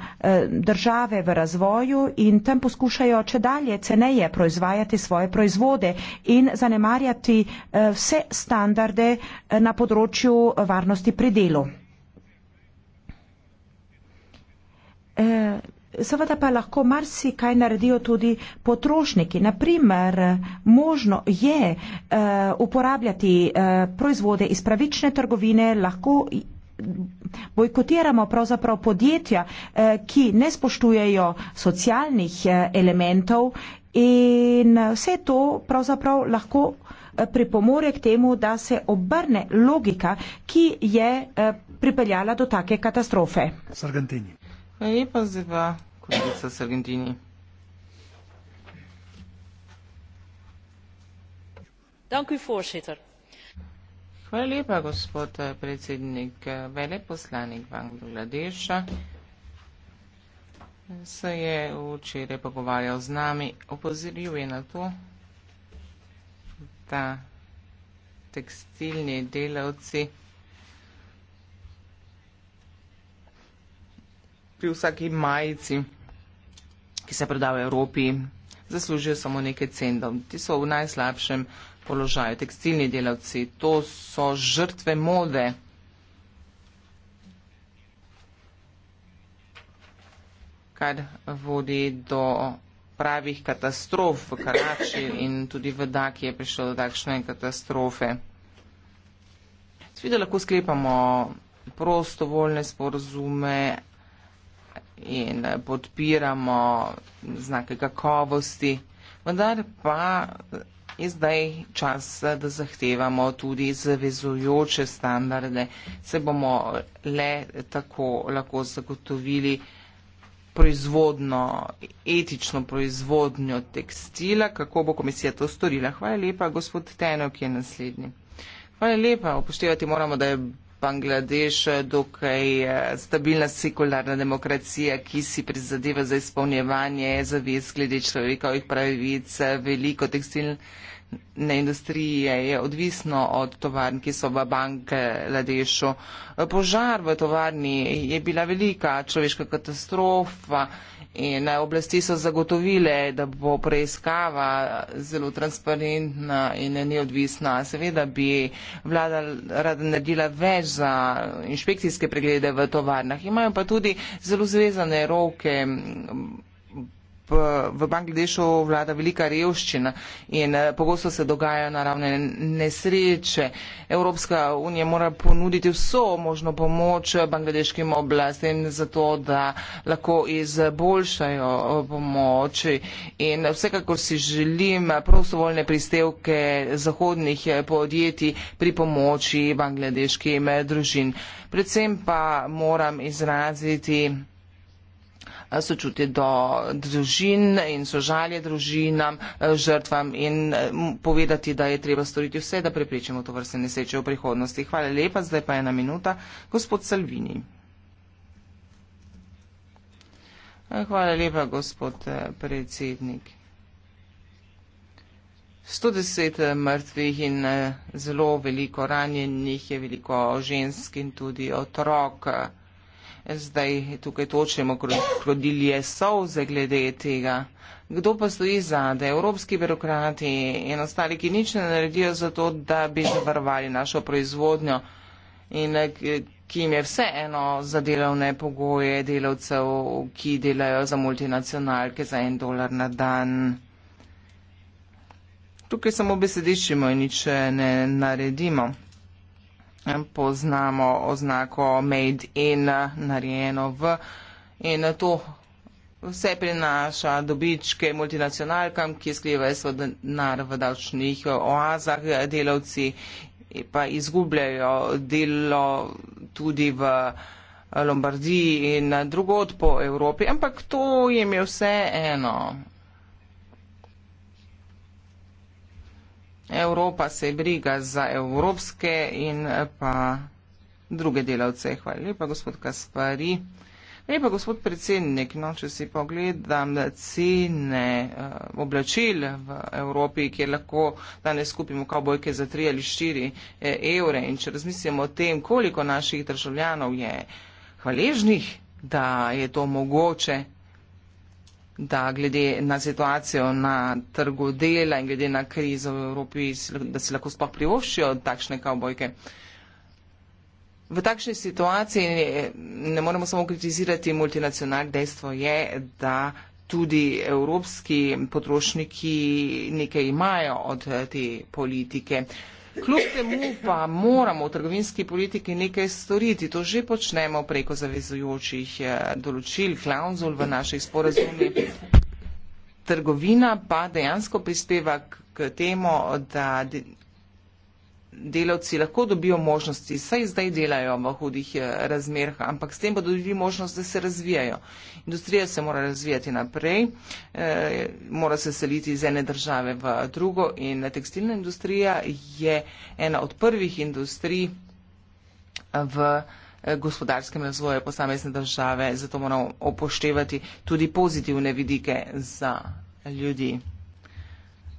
države v razvoju in tam poskušajo če dalje ceneje proizvajati svoje proizvode in zanemarjati eh, vse standarde eh, na področju varnosti pri delu. Seveda pa lahko marsikaj naredijo tudi potrošniki. Naprimer, možno je uporabljati proizvode iz pravične trgovine, lahko bojkotiramo pravzaprav podjetja, eh, ki ne spoštujejo socialnih eh, elementov in vse to pravzaprav lahko eh, pripomore k temu, da se obrne logika, ki je pripeljala do take katastrofe. Sargentini. Lepa zdaj, kolegica Sargentini. Dank u voorzitter. Hvala lepa, gospod eh, predsednik. Veleposlanik Bangladeša se je včeraj pogovarjal z nami. Opozoril je na to, da tekstilni delavci pri vsaki majici, ki se proda v Evropi, zaslužijo samo nekaj centov. Ti so v najslabšem položaju. Tekstilni delavci, to so žrtve mode. kar vodi do pravih katastrof v Karači in tudi v Daki je prišlo do takšne katastrofe. Sveda lahko sklepamo prostovoljne sporozume in podpiramo znake kakovosti, vendar pa je zdaj čas, da zahtevamo tudi zavezujoče standarde. Se bomo le tako lahko zagotovili proizvodno, etično proizvodnjo tekstila, kako bo komisija to storila. Hvala lepa, gospod Tenok je naslednji. Hvala lepa, upoštevati moramo, da je Bangladeš, dokaj eh, stabilna sekularna demokracija, ki si prizadeva za izpolnjevanje zavez glede človekovih pravic, veliko tekstilnih ne industrije je odvisno od tovarn, ki so v Bangladešu. Požar v tovarni je bila velika človeška katastrofa in oblasti so zagotovile, da bo preiskava zelo transparentna in neodvisna. Seveda bi vlada rada naredila več za inšpekcijske preglede v tovarnah. Imajo pa tudi zelo zvezane roke v Bangladešu vlada velika revščina in eh, pogosto se dogajajo naravne nesreče. Evropska unija mora ponuditi vso možno pomoč bangladeškim oblastem za to, da lahko izboljšajo eh, pomoč in vsekakor si želim prostovoljne pristevke zahodnih eh, podjetij pri pomoči bangladeškim družin. Predvsem pa moram izraziti sočutje do družin in sožalje družinam, eh, žrtvam in eh, povedati, da je treba storiti vse, da preprečimo to vrste neseče v prihodnosti. Hvala lepa, zdaj pa ena minuta. Gospod Salvini. Eh, hvala lepa, gospod predsednik. 110 mrtvih in zelo veliko ranjenih je veliko žensk in tudi otrok zdaj tukaj točemo krodilje solze glede tega. Kdo pa stoji za, da evropski birokrati in ostali, ki nič ne naredijo za to, da bi zavarovali našo proizvodnjo in eh, ki jim je vse eno za delovne pogoje delavcev, ki delajo za multinacionalke za en dolar na dan. Tukaj samo besediščimo in nič eh, ne naredimo poznamo oznako made in narejeno v. In to vse prinaša dobičke multinacionalkam, ki skrivajo svoj denar v davčnih oazah, delavci pa izgubljajo delo tudi v Lombardiji in drugod po Evropi. Ampak to jim je vse eno. Evropa se briga za evropske in eh, pa druge delavce. Hvala lepa, gospod Kaspari. Lepa, gospod predsednik, no, če si pogledam cene uh, oblačil v Evropi, kjer lahko danes kupimo kavbojke za 3 ali 4 eh, evre in če razmislimo o tem, koliko naših državljanov je hvaležnih, da je to mogoče da glede na situacijo na trgu dela in glede na krizo v Evropi, da si lahko sploh privoščijo takšne kavbojke. V takšni situaciji ne moremo samo kritizirati multinacionalk, dejstvo je, da tudi evropski potrošniki nekaj imajo od te politike. Kljub temu pa moramo v trgovinski politiki nekaj storiti. To že počnemo preko zavezujočih eh, določil, klauzul v naših sporazumih. Trgovina pa dejansko prispeva k temu, da delavci lahko dobijo možnosti, saj zdaj delajo v hudih eh, razmerah, ampak s tem bodo dobili možnost, da se razvijajo. Industrija se mora razvijati naprej, eh, mora se seliti iz ene države v drugo in tekstilna industrija je ena od prvih industrij eh, v gospodarskem razvoju posamezne države, zato moramo upoštevati tudi pozitivne vidike za ljudi.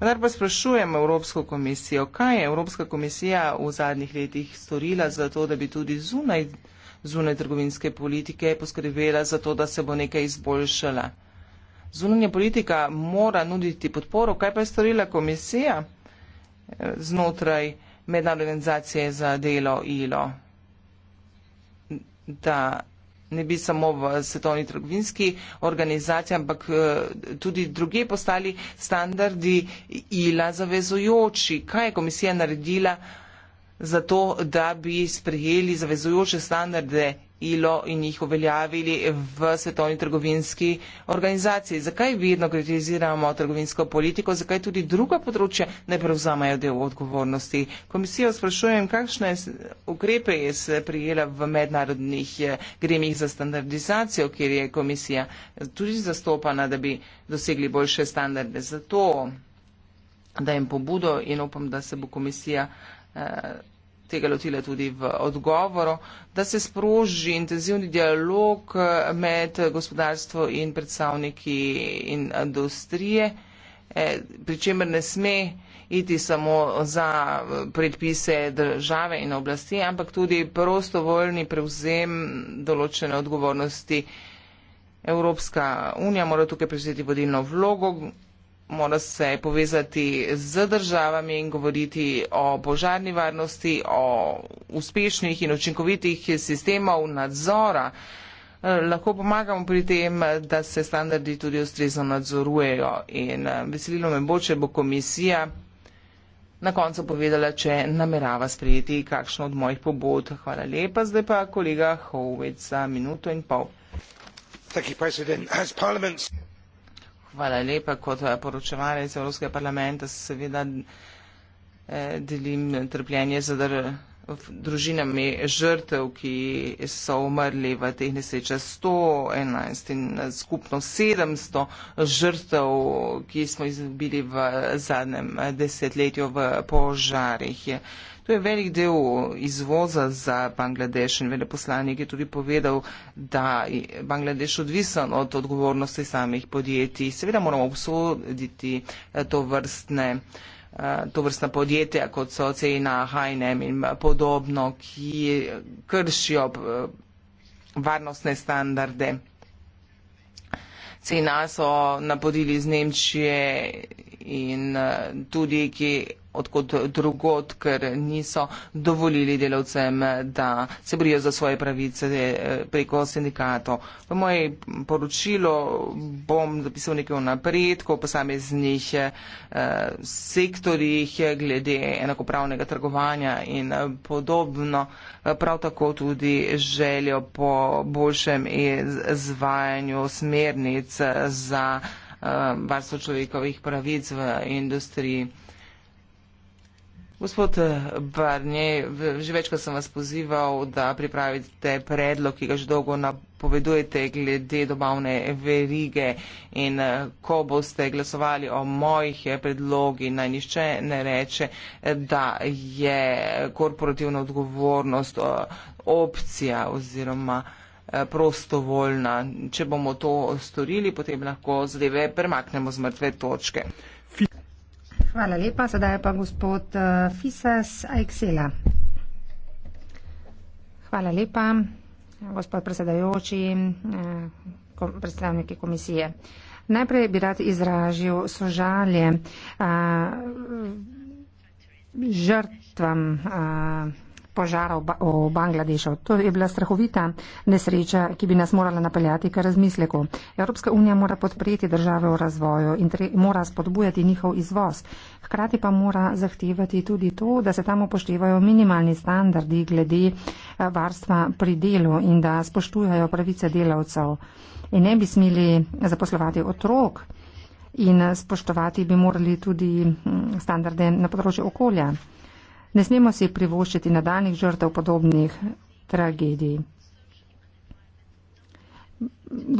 Vendar pa sprašujem Evropsko komisijo, kaj je Evropska komisija v zadnjih letih storila za to, da bi tudi zunaj, zunaj trgovinske politike poskrbela za to, da se bo nekaj izboljšala. Zunanja politika mora nuditi podporo, kaj pa je storila komisija eh, znotraj mednarodne organizacije za delo ILO, da ne bi samo v svetovni trgovinski organizaciji, ampak eh, tudi druge postali standardi ila zavezujoči. Kaj je komisija naredila za to, da bi sprejeli zavezujoče standarde ILO in jih uveljavili v svetovni trgovinski organizaciji. Zakaj vedno kritiziramo trgovinsko politiko, zakaj tudi druga področja ne prevzamajo del odgovornosti? Komisijo sprašujem, kakšne ukrepe je se prijela v mednarodnih eh, gremih za standardizacijo, kjer je komisija tudi zastopana, da bi dosegli boljše standarde. Zato dajem pobudo in upam, da se bo komisija. Eh, tega lotila tudi v odgovoru, da se sproži intenzivni dialog eh, med gospodarstvo in predstavniki in industrije, eh, pri čemer ne sme iti samo za eh, predpise države in oblasti, ampak tudi prostovoljni prevzem določene odgovornosti. Evropska unija mora tukaj prevzeti vodilno vlogo mora se povezati z državami in govoriti o požarni varnosti, o uspešnih in učinkovitih sistemov nadzora. Eh, lahko pomagamo pri tem, da se standardi tudi ustrezno nadzorujejo in eh, veselilo me bo, če bo komisija na koncu povedala, če namerava sprejeti kakšno od mojih pobod. Hvala lepa, zdaj pa kolega Hovec za minuto in pol. Thank you, Hvala lepa. Kot eh, poročevalje iz Evropskega parlamenta se seveda eh, delim trpljenje za družinami žrtev, ki so umrli v teh nesrečah 111 in eh, skupno 700 žrtev, ki smo izgubili v zadnjem desetletju v požarih. Je. To je velik del izvoza za Bangladeš in veleposlanik je tudi povedal, da je Bangladeš odvisen od odgovornosti samih podjetij. Seveda moramo obsoditi eh, to vrstne eh, to vrstna podjetja, kot so Cena, Hajnem in podobno, ki kršijo eh, varnostne standarde. Cena so napodili iz Nemčije in tudi, ki odkot drugot, ker niso dovolili delavcem, da se borijo za svoje pravice eh, preko sindikatov. V moje poročilo bom zapisal nekaj o napredku, o posameznih eh, sektorjih eh, glede enakopravnega trgovanja in podobno, prav tako tudi željo po boljšem izvajanju smernic za varstvo človekovih pravic v industriji. Gospod eh, Barnje, že večkrat sem vas pozival, da pripravite predlog, ki ga že dolgo napovedujete glede dobavne verige in eh, ko boste glasovali o mojih eh, predlogi, naj nišče ne reče, da je korporativna odgovornost opcija oziroma prostovoljna. Če bomo to storili, potem lahko zadeve premaknemo z mrtve točke. Hvala lepa. Sedaj je pa gospod eh, Fises Aixela. Hvala lepa, gospod predsedajoči, eh, predstavniki komisije. Najprej bi rad izražil sožalje eh, žrtvam. A, požara v Bangladešu. To je bila strahovita nesreča, ki bi nas morala napeljati k razmisleku. Evropska unija mora podpreti države v razvoju in mora spodbujati njihov izvoz. Hkrati pa mora zahtevati tudi to, da se tam upoštevajo minimalni standardi glede eh, varstva pri delu in da spoštujajo pravice delavcev. In ne bi smeli zaposlovati otrok in spoštovati bi morali tudi mm, standarde na področju okolja. Ne smemo si privoščiti nadaljnih žrtev podobnih tragedij.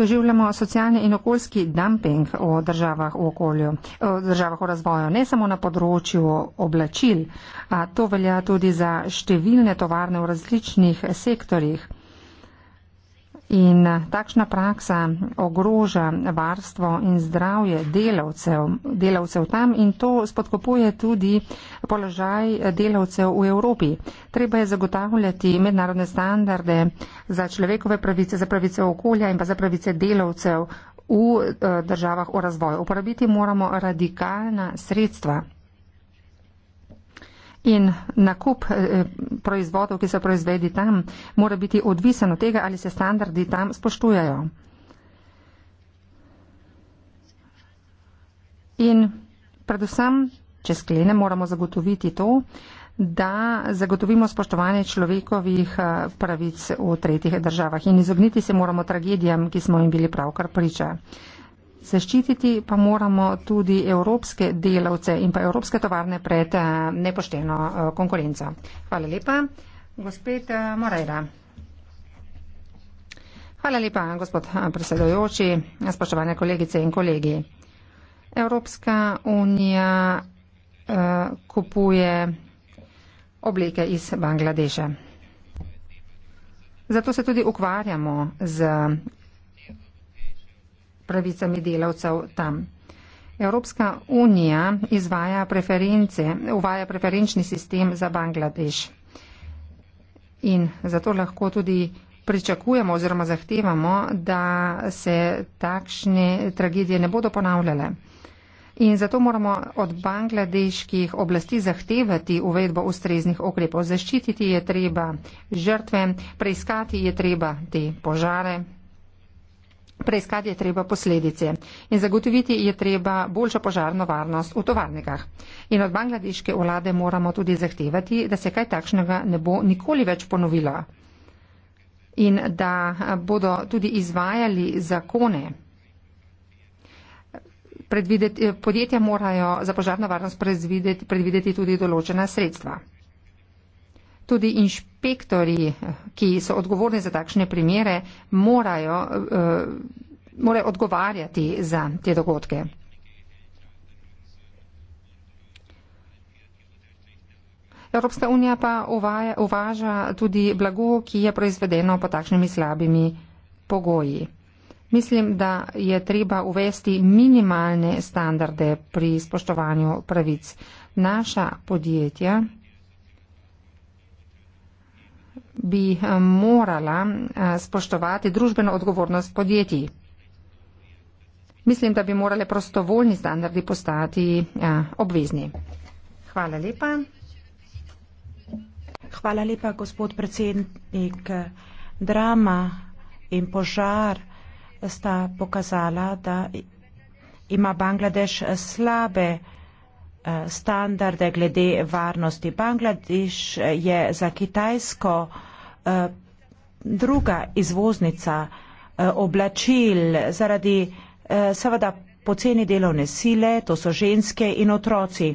Doživljamo socialni in okoljski dumping v državah, v, okolju, v državah v razvoju, ne samo na področju oblačil, a to velja tudi za številne tovarne v različnih sektorjih. In eh, takšna praksa ogroža varstvo in zdravje delavcev, delavcev tam in to spodkopuje tudi položaj delavcev v Evropi. Treba je zagotavljati mednarodne standarde za človekove pravice, za pravice okolja in pa za pravice delavcev v eh, državah v razvoju. Uporabiti moramo radikalna sredstva. In nakup eh, proizvodov, ki se proizvedi tam, mora biti odvisen od tega, ali se standardi tam spoštujajo. In predvsem, če sklene, moramo zagotoviti to, da zagotovimo spoštovanje človekovih eh, pravic v tretjih državah in izogniti se moramo tragedijam, ki smo jim bili pravkar pričali. Zaščititi pa moramo tudi evropske delavce in pa evropske tovarne pred eh, nepošteno eh, konkurenco. Hvala lepa, gospod eh, Morera. Hvala lepa, gospod predsedojoči, spoštovane kolegice in kolegi. Evropska unija uh, kupuje oblike iz Bangladeša. Zato se tudi ukvarjamo z pravicami delavcev tam. Evropska unija izvaja preference, uvaja preferenčni sistem za Bangladeš. In zato lahko tudi pričakujemo oziroma zahtevamo, da se takšne tragedije ne bodo ponavljale. In zato moramo od bangladeških oblasti zahtevati uvedbo ustreznih ukrepov. Zaščititi je treba žrtve, preiskati je treba te požare. Preiskati je treba posledice in zagotoviti je treba boljšo požarno varnost v tovarnikah. In od bangladeške vlade moramo tudi zahtevati, da se kaj takšnega ne bo nikoli več ponovilo in da bodo tudi izvajali zakone. Predvideti, podjetja morajo za požarno varnost predvideti, predvideti tudi določena sredstva tudi inšpektori, ki so odgovorni za takšne primere, morajo, uh, eh, morajo odgovarjati za te dogodke. Evropska unija pa uvaja, uvaža tudi blago, ki je proizvedeno pod takšnimi slabimi pogoji. Mislim, da je treba uvesti minimalne standarde pri spoštovanju pravic. Naša podjetja bi eh, morala eh, spoštovati družbeno odgovornost podjetij. Mislim, da bi morali prostovoljni standardi postati eh, obvezni. Hvala lepa. Hvala lepa, gospod predsednik. Drama in požar sta pokazala, da ima Bangladeš slabe standarde glede varnosti. Bangladeš je za Kitajsko eh, druga izvoznica eh, oblačil zaradi eh, seveda poceni delovne sile, to so ženske in otroci.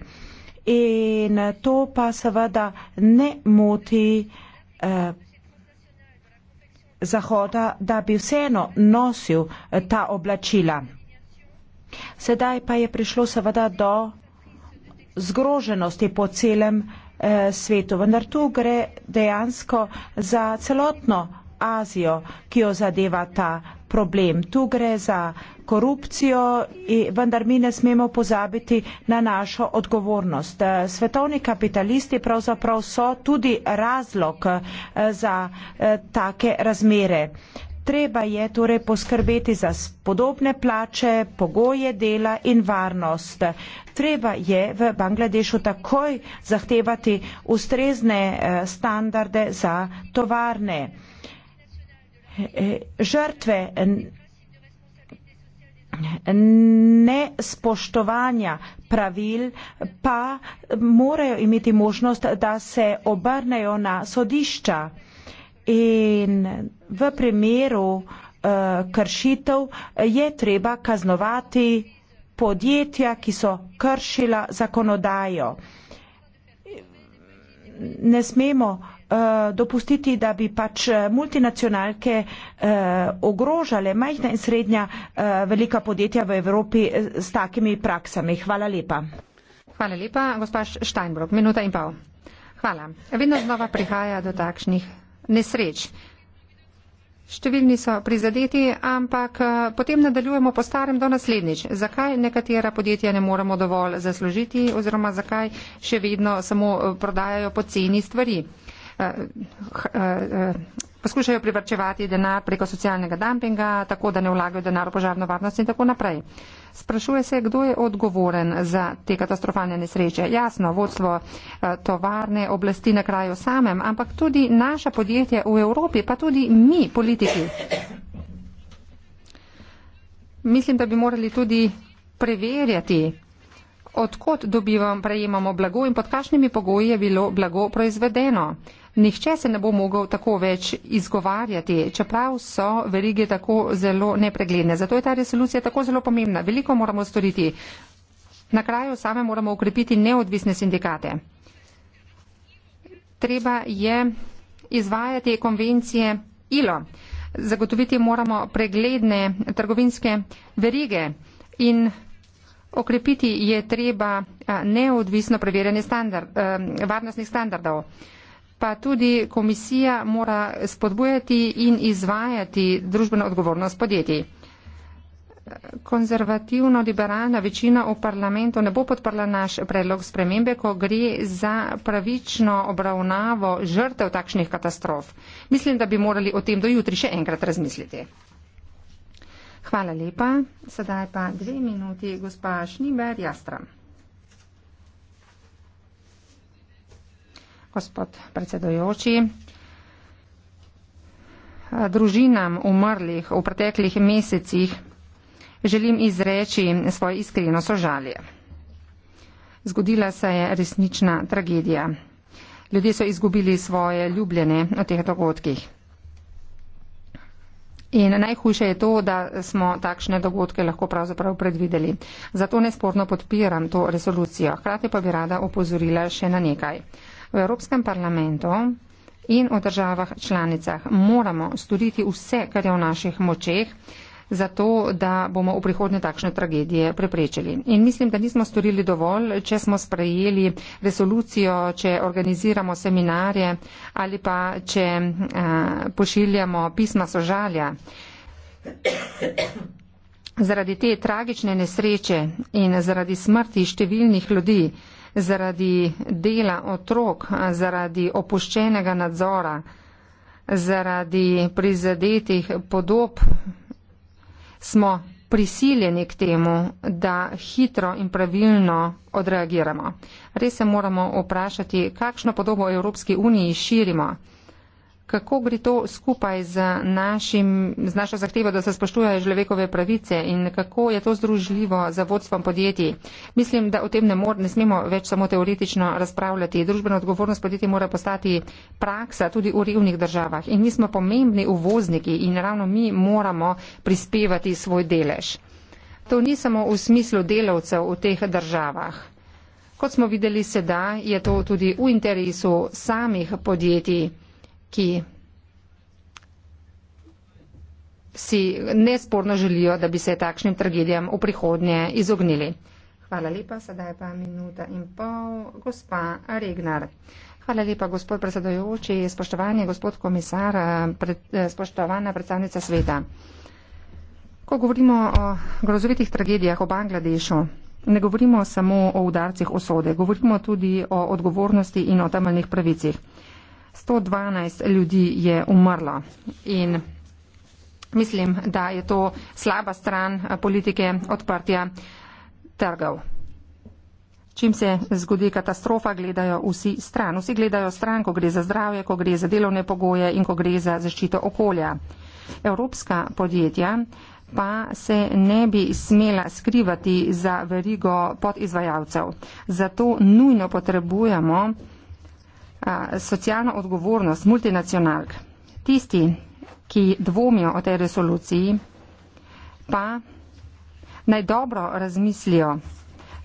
In to pa seveda ne moti eh, Zahoda, da bi vseeno nosil ta oblačila. Sedaj pa je prišlo seveda do zgroženosti po celem eh, svetu. Vendar tu gre dejansko za celotno Azijo, ki jo zadeva ta problem. Tu gre za korupcijo, vendar mi ne smemo pozabiti na našo odgovornost. Eh, svetovni kapitalisti pravzaprav so tudi razlog eh, za eh, take razmere treba je torej poskrbeti za spodobne plače, pogoje dela in varnost. Treba je v Bangladešu takoj zahtevati ustrezne eh, standarde za tovarne. Eh, žrtve nespoštovanja pravil pa morajo imeti možnost, da se obrnejo na sodišča in v primeru eh, kršitev je treba kaznovati podjetja, ki so kršila zakonodajo. Ne smemo eh, dopustiti, da bi pač eh, multinacionalke ogrožale majhna in srednja velika podjetja v Evropi s takimi praksami. Hvala lepa. Hvala lepa, gospod Steinbrock. Minuta in pol. Hvala. Vedno znova prihaja do takšnih nesreč. Številni so prizadeti, ampak eh, potem nadaljujemo po starem do naslednjič. Zakaj nekatera podjetja ne moremo dovolj zaslužiti oziroma zakaj še vedno samo eh, prodajajo poceni stvari? Eh, poskušajo privrčevati denar preko socialnega dampinga, tako da ne vlagajo denar v požarno varnost in tako naprej. Sprašuje se, kdo je odgovoren za te katastrofalne nesreče. Jasno, vodstvo eh, tovarne, oblasti na kraju samem, ampak tudi naša podjetja v Evropi, pa tudi mi, politiki. Mislim, da bi morali tudi preverjati, odkot dobivamo, prejemamo blago in pod kakšnimi pogoji je bilo blago proizvedeno. Nihče se ne bo mogel tako več izgovarjati, čeprav so verige tako zelo nepregledne. Zato je ta resolucija tako zelo pomembna. Veliko moramo storiti. Na kraju same moramo ukrepiti neodvisne sindikate. Treba je izvajati konvencije ILO. Zagotoviti moramo pregledne trgovinske verige in okrepiti je treba neodvisno preverjanje standard, varnostnih standardov pa tudi komisija mora spodbujati in izvajati družbeno odgovornost podjetij. Konzervativno-liberalna večina v parlamentu ne bo podprla naš predlog spremembe, ko gre za pravično obravnavo žrtev takšnih katastrof. Mislim, da bi morali o tem dojutri še enkrat razmisliti. Hvala lepa. Sedaj pa dve minuti, gospa Šniber Jastram. gospod predsedojoči. Družinam umrlih v preteklih mesecih želim izreči svoje iskreno sožalje. Zgodila se je resnična tragedija. Ljudje so izgubili svoje ljubljene o teh dogodkih. In najhujše je to, da smo takšne dogodke lahko pravzaprav predvideli. Zato nesporno podpiram to resolucijo. Hkrati pa bi rada opozorila še na nekaj. V Evropskem parlamentu in v državah članicah moramo storiti vse, kar je v naših močeh, zato da bomo v prihodnje takšne tragedije preprečili. In mislim, da nismo storili dovolj, če smo sprejeli resolucijo, če organiziramo seminarje ali pa če a, eh, pošiljamo pisma sožalja. Zaradi te tragične nesreče in zaradi smrti številnih ljudi, zaradi dela otrok, zaradi opuščenega nadzora, zaradi prizadetih podob, smo prisiljeni k temu, da hitro in pravilno odreagiramo. Res se moramo vprašati, kakšno podobo Evropski uniji širimo kako gre to skupaj z, našim, z našo zahtevo, da se spoštujejo človekove pravice in kako je to združljivo za vodstvom podjetij. Mislim, da o tem ne, mor, ne smemo več samo teoretično razpravljati. Družbena odgovornost podjetij mora postati praksa tudi v revnih državah in mi smo pomembni uvozniki in ravno mi moramo prispevati svoj delež. To ni samo v smislu delavcev v teh državah. Kot smo videli sedaj, je to tudi v interesu samih podjetij ki si nesporno želijo, da bi se takšnim tragedijam v prihodnje izognili. Hvala lepa, sedaj pa minuta in pol, gospa Regnar. Hvala lepa, gospod predsedojoči, spoštovanje, gospod komisar, pred, eh, spoštovana predstavnica sveta. Ko govorimo o grozovitih tragedijah v Bangladešu, ne govorimo samo o udarcih osode, govorimo tudi o odgovornosti in o temeljnih pravicih. 112 ljudi je umrlo. In mislim, da je to slaba stran eh, politike odprtja trgov. Čim se zgodi katastrofa, gledajo vsi stran. Vsi gledajo stran, ko gre za zdravje, ko gre za delovne pogoje in ko gre za zaščito okolja. Evropska podjetja pa se ne bi smela skrivati za verigo podizvajalcev. Zato nujno potrebujemo a, socialno odgovornost multinacionalk. Tisti, ki dvomijo o tej resoluciji, pa naj dobro razmislijo,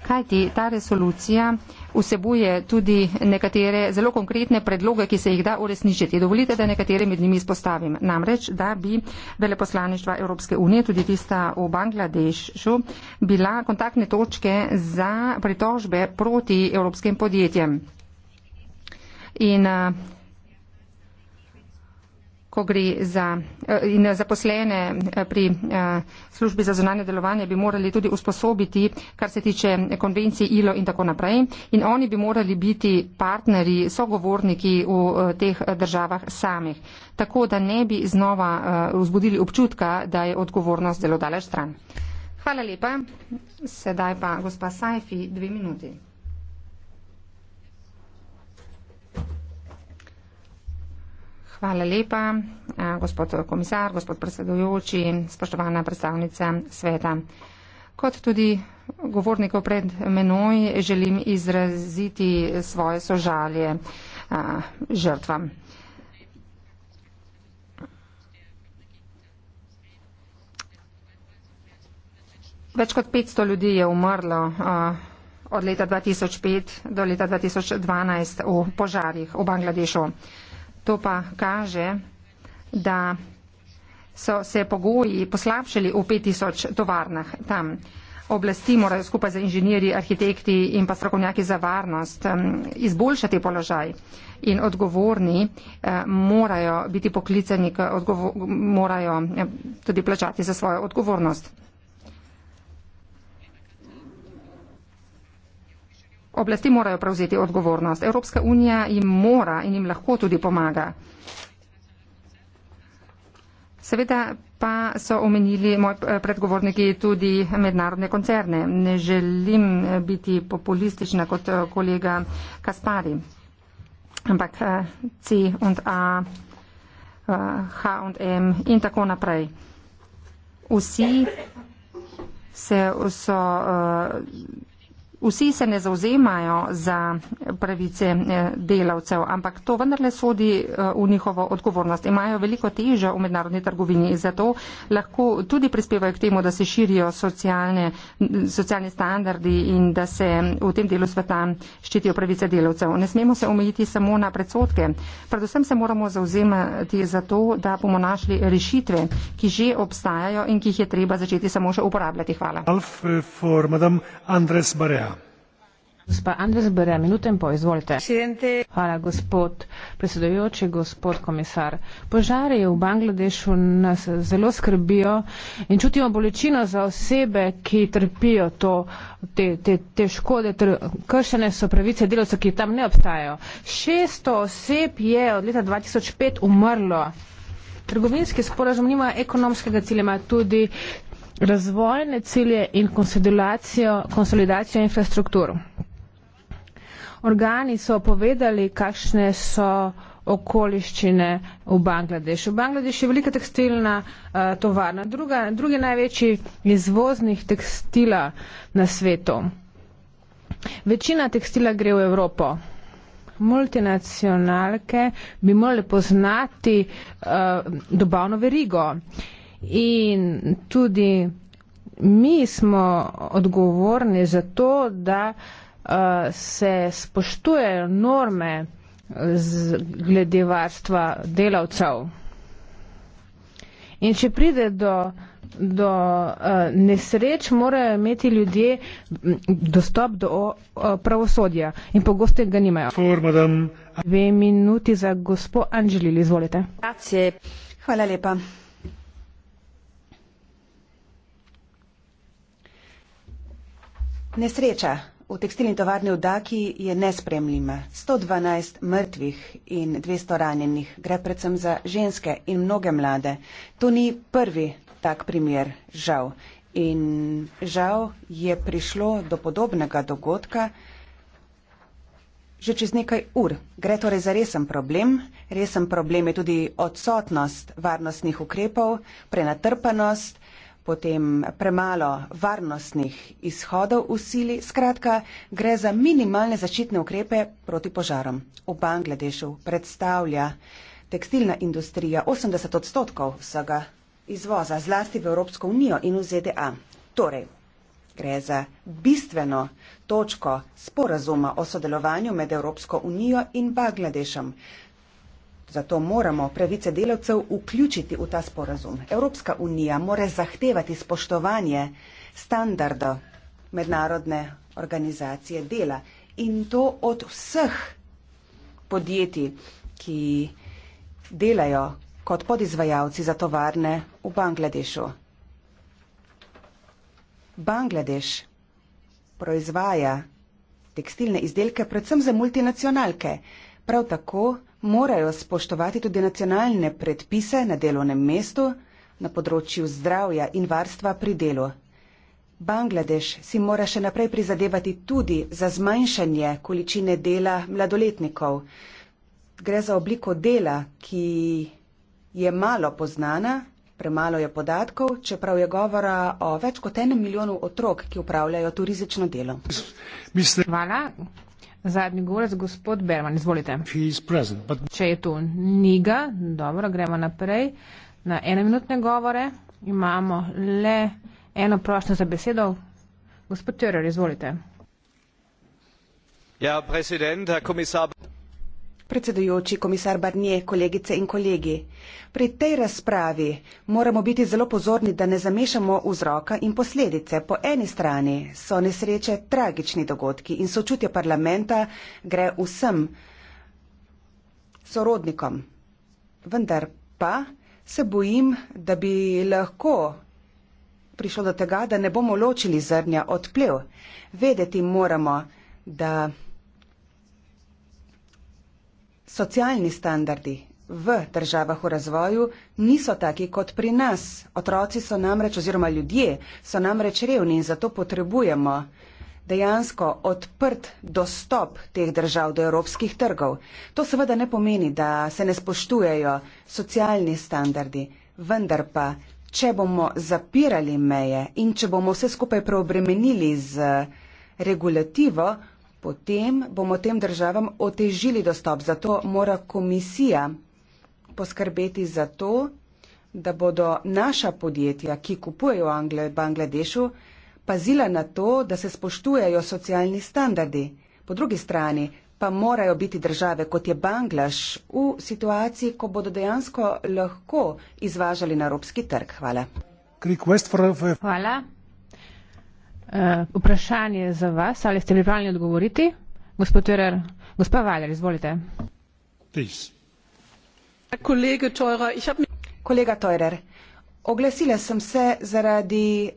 kajti ta resolucija vsebuje tudi nekatere zelo konkretne predloge, ki se jih da uresničiti. Dovolite, da nekatere med njimi izpostavim. Namreč, da bi veleposlaništva Evropske unije, tudi tista v Bangladešu, bila kontaktne točke za pritožbe proti evropskim podjetjem in eh, ko gre za eh, in eh, zaposlene pri službi za zonanje delovanje bi morali tudi usposobiti, kar se tiče konvencije ILO in tako naprej. In oni bi morali biti partneri, sogovorniki v teh državah samih. Tako da ne bi znova vzbudili občutka, da je odgovornost delodalež stran. Hvala lepa. Sedaj pa gospa Sajfi, dve minuti. Hvala lepa, gospod komisar, gospod predsedujoči, spoštovana predstavnica sveta. Kot tudi govornikov pred menoj želim izraziti svoje sožalje žrtvam. Več kot 500 ljudi je umrlo od leta 2005 do leta 2012 v požarih v Bangladešu. To pa kaže, da so se pogoji poslabšali v 5000 tovarnah tam. Oblasti morajo skupaj z inženirji, arhitekti in pa strokovnjaki za varnost izboljšati položaj in odgovorni eh, morajo biti poklicani, morajo tudi plačati za svojo odgovornost. Oblasti morajo prevzeti odgovornost. Evropska unija jim mora in jim lahko tudi pomaga. Seveda pa so omenili moji eh, predgovorniki tudi mednarodne koncerne. Ne želim eh, biti populistična kot eh, kolega Kaspari. Ampak C und A, H und M in tako naprej. Vsi se so uh, Vsi se ne zauzemajo za pravice eh, delavcev, ampak to vendarle sodi eh, v njihovo odgovornost. Imajo veliko težo v mednarodni trgovini in zato lahko tudi prispevajo k temu, da se širijo socialne, socialne standardi in da se eh, v tem delu sveta ščitijo pravice delavcev. Ne smemo se omejiti samo na predsotke. Predvsem se moramo zauzemati za to, da bomo našli rešitve, ki že obstajajo in ki jih je treba začeti samo še uporabljati. Hvala. Alf for Madame Andres Barea. Gospa Andres Bere, minuto in pol, izvolite. Presidente. Hvala, gospod predsedujoči, gospod komisar. Požari v Bangladešu nas zelo skrbijo in čutimo bolečino za osebe, ki trpijo to, te, te, te škode, ter kršene so pravice delovcev, ki tam ne obstajajo. 600 oseb je od leta 2005 umrlo. Trgovinski sporazum nima ekonomskega cilja, ima tudi razvojne cilje in konsolidacijo infrastruktur organi so povedali, kakšne so okoliščine v Bangladešu. V Bangladešu je velika tekstilna uh, tovarna, Druga, drugi največji izvoznih tekstila na svetu. Večina tekstila gre v Evropo. Multinacionalke bi morali poznati uh, dobavno verigo. In tudi mi smo odgovorni za to, da uh, se spoštujejo norme glede varstva delavcev. In če pride do, do uh, nesreč, morajo imeti ljudje dostop do uh, pravosodja in pogosto ga nimajo. Dve minuti za gospo Anželil, izvolite. Grazie. Hvala lepa. Nesreča. V tekstilni tovarni v Daki je nespremljima. 112 mrtvih in 200 ranjenih gre predvsem za ženske in mnoge mlade. To ni prvi tak primer, žal. In žal je prišlo do podobnega dogodka že čez nekaj ur. Gre torej za resen problem. Resen problem je tudi odsotnost varnostnih ukrepov, prenatrpanost, potem premalo varnostnih izhodov v sili. Skratka, gre za minimalne zaščitne ukrepe proti požarom. V Bangladešu predstavlja tekstilna industrija 80 odstotkov vsega izvoza, zlasti v Evropsko unijo in v ZDA. Torej, Gre za bistveno točko sporazuma o sodelovanju med Evropsko unijo in Bangladešem. Zato moramo pravice delavcev vključiti v ta sporazum. Evropska unija mora zahtevati spoštovanje standarda mednarodne organizacije dela in to od vseh podjetij, ki delajo kot podizvajalci za tovarne v Bangladešu. Bangladeš proizvaja tekstilne izdelke predvsem za multinacionalke. Prav tako morajo spoštovati tudi nacionalne predpise na delovnem mestu, na področju zdravja in varstva pri delu. Bangladeš si mora še naprej prizadevati tudi za zmanjšanje količine dela mladoletnikov. Gre za obliko dela, ki je malo poznana, premalo je podatkov, čeprav je govora o več kot enem milijonu otrok, ki upravljajo turistično delo. Hvala. Zadnji govorec, gospod Berman, izvolite. Present, but... Če je tu njega, dobro, gremo naprej. Na eno minutne govore imamo le eno prošnjo za besedo. Gospod Törer, izvolite. Ja, predsednik, komisar. Predsedujoči komisar Barnier, kolegice in kolegi, pri tej razpravi moramo biti zelo pozorni, da ne zamešamo vzroka in posledice. Po eni strani so nesreče tragični dogodki in sočutje parlamenta gre vsem sorodnikom. Vendar pa se bojim, da bi lahko prišlo do tega, da ne bomo ločili zrnja od plev. Vedeti moramo, da. Socialni standardi v državah v razvoju niso taki kot pri nas. Otroci so namreč oziroma ljudje so namreč revni in zato potrebujemo dejansko odprt dostop teh držav do evropskih trgov. To seveda ne pomeni, da se ne spoštujejo socialni standardi, vendar pa, če bomo zapirali meje in če bomo vse skupaj preobremenili z regulativo, potem bomo tem državam otežili dostop. Zato mora komisija poskrbeti za to, da bodo naša podjetja, ki kupujejo v Bangladešu, pazila na to, da se spoštujejo socialni standardi. Po drugi strani pa morajo biti države, kot je Banglaš, v situaciji, ko bodo dejansko lahko izvažali na evropski trg. Hvala. Hvala. Eh, vprašanje za vas, ali ste pripravljeni odgovoriti? Gospod Törer, gospa Valer, izvolite. Kolega Törer, oglasila sem se zaradi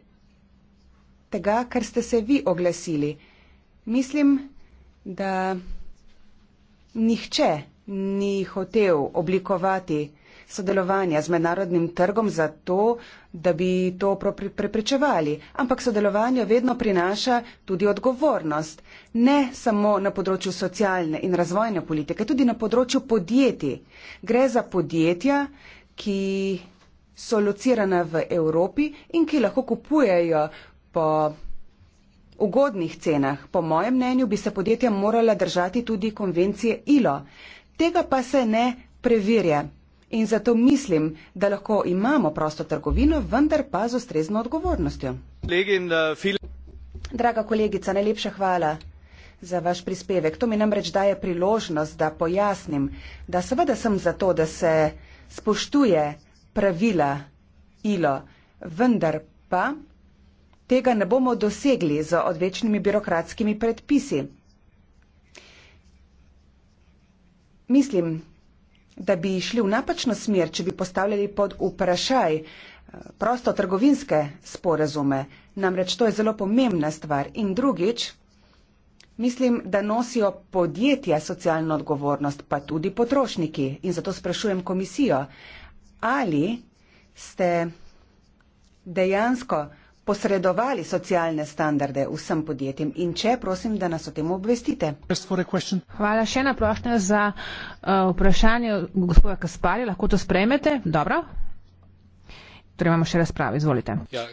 tega, ker ste se vi oglasili. Mislim, da nihče ni hotel oblikovati sodelovanja z mednarodnim trgom za to, da bi to preprečevali. Ampak sodelovanje vedno prinaša tudi odgovornost. Ne samo na področju socialne in razvojne politike, tudi na področju podjetij. Gre za podjetja, ki so locirana v Evropi in ki lahko kupujejo po ugodnih cenah. Po mojem mnenju bi se podjetja morala držati tudi konvencije ILO. Tega pa se ne preverja. In zato mislim, da lahko imamo prosto trgovino, vendar pa z ustrezno odgovornostjo. Eh, Draga kolegica, najlepša hvala za vaš prispevek. To mi namreč daje priložnost, da pojasnim, da seveda sem za to, da se spoštuje pravila ILO, vendar pa tega ne bomo dosegli z odvečnimi birokratskimi predpisi. Mislim, da bi šli v napačno smer, če bi postavljali pod vprašaj eh, prosto trgovinske sporazume. Namreč to je zelo pomembna stvar. In drugič, mislim, da nosijo podjetja socialno odgovornost, pa tudi potrošniki. In zato sprašujem komisijo, ali ste dejansko posredovali socialne standarde vsem podjetjem in če prosim, da nas o tem obvestite. Hvala še ena prošnja za uh, vprašanje gospoda Kasparja. Lahko to sprejmete? Dobro. Torej imamo še razpravo. Izvolite. Ja,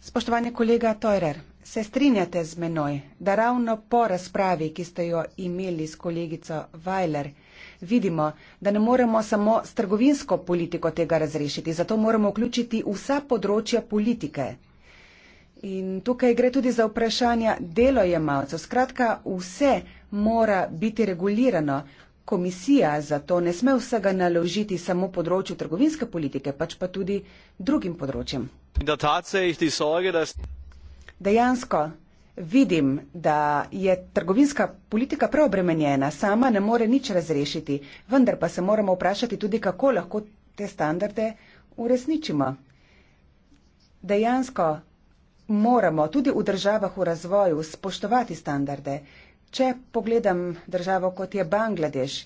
Spoštovani kolega Teurer, se strinjate z menoj, da ravno po razpravi, ki ste jo imeli s kolegico Weiler, vidimo, da ne moremo samo s trgovinsko politiko tega razrešiti, zato moramo vključiti vsa področja politike. In tukaj gre tudi za vprašanja delojemalcev. Skratka, vse mora biti regulirano. Komisija zato ne sme vsega naložiti samo področju trgovinske politike, pač pa tudi drugim področjem. Dejansko. Vidim, da je trgovinska politika preobremenjena, sama ne more nič razrešiti, vendar pa se moramo vprašati tudi, kako lahko te standarde uresničimo. Dejansko moramo tudi v državah v razvoju spoštovati standarde. Če pogledam državo, kot je Bangladeš,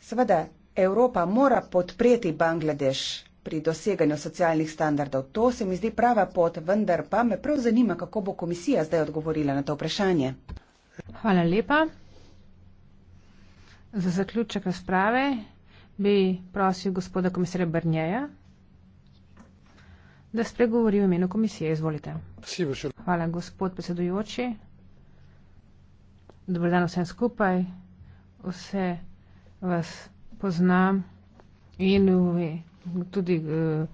seveda Evropa mora podpreti Bangladeš pri doseganju socialnih standardov. To se mi zdi prava pot, vendar pa me prav zanima, kako bo komisija zdaj odgovorila na to vprašanje. Hvala lepa. Za zaključek razprave bi prosil gospoda komisarja Brnjeja, da spregovori v imenu komisije. Izvolite. Hvala, gospod predsedujoči. Dobro dan vsem skupaj. Vse vas poznam in tudi eh,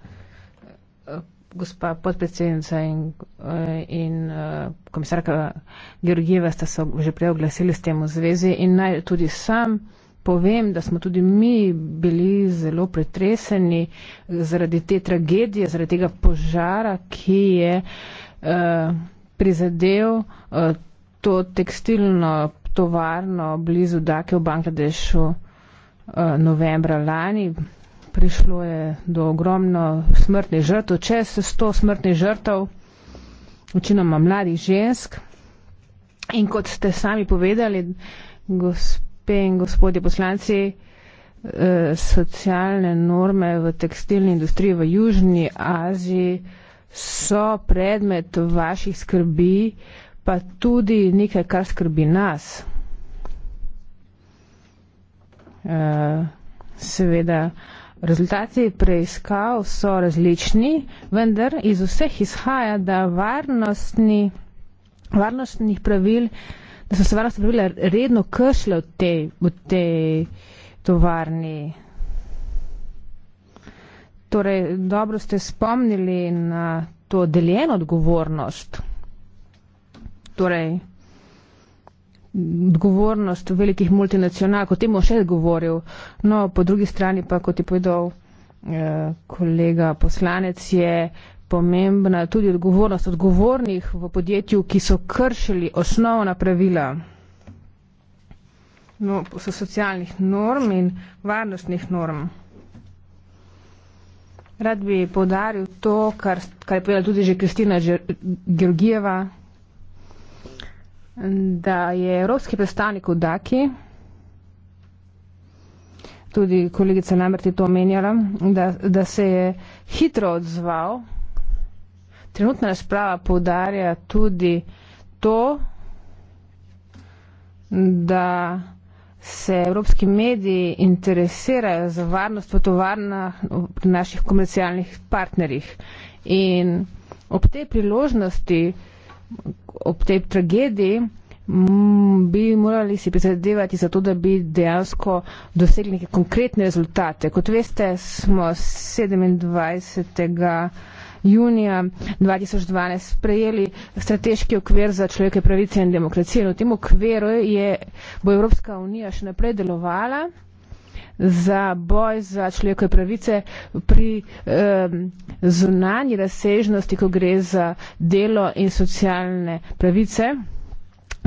eh, gospa podpredsednica in, eh, in komisarka Georgijeva sta se že prej oglasili s tem v zvezi in naj tudi sam povem, da smo tudi mi bili zelo pretreseni zaradi te tragedije, zaradi tega požara, ki je prizadel to tekstilno tovarno blizu Dake v Bangladešu novembra lani prišlo je do ogromno smrtnih žrtev, če se sto smrtnih žrtev, večinoma mladih žensk. In kot ste sami povedali, gospe in gospodje poslanci, eh, socialne norme v tekstilni industriji v Južni Aziji so predmet vaših skrbi, pa tudi nekaj, kar skrbi nas. Eh, seveda. Uh, Rezultati preiskav so različni, vendar iz vseh izhaja, da, varnostni, varnostnih pravil, da so se varnostne pravile redno kršile v tej, v tej tovarni. Torej, dobro ste spomnili na to deljeno odgovornost. Torej, odgovornost velikih multinacionalk, o tem bo še govoril. No, po drugi strani pa, kot je povedal eh, kolega poslanec, je pomembna tudi odgovornost odgovornih v podjetju, ki so kršili osnovna pravila no, so socialnih norm in varnostnih norm. Rad bi povdaril to, kar, kar je povedala tudi že Kristina Georgijeva. Že, da je evropski predstavnik v Daki, tudi kolegica Namert je to omenjala, da, da se je hitro odzval. Trenutna razprava poudarja tudi to, da se evropski mediji interesirajo za varnost v tovarnah pri naših komercialnih partnerjih. In ob tej priložnosti uh, ob tej tragediji bi morali si prizadevati za to, da bi dejansko dosegli neke konkretne rezultate. Kot veste, smo 27. junija 2012 sprejeli strateški okvir za človeške pravice in demokracijo. V tem okviru je, bo Evropska unija še naprej delovala za boj za človekove pravice pri um, zunanji razsežnosti, ko gre za delo in socialne pravice,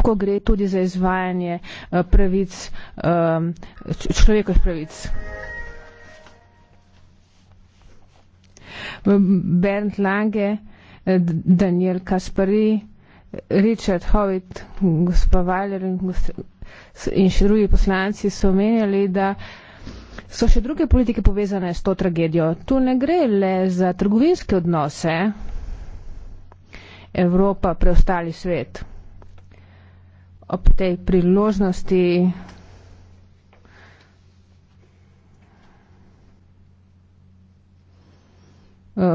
ko gre tudi za izvajanje eh, pravic, um, človekovih pravic. Bernd Lange, eh, Daniel Kaspari, Richard Hovit, gospod Valer in, in še drugi poslanci so omenjali, da uh, so še druge politike povezane s to tragedijo. Tu ne gre le za trgovinske odnose Evropa, preostali svet. Ob tej priložnosti eh,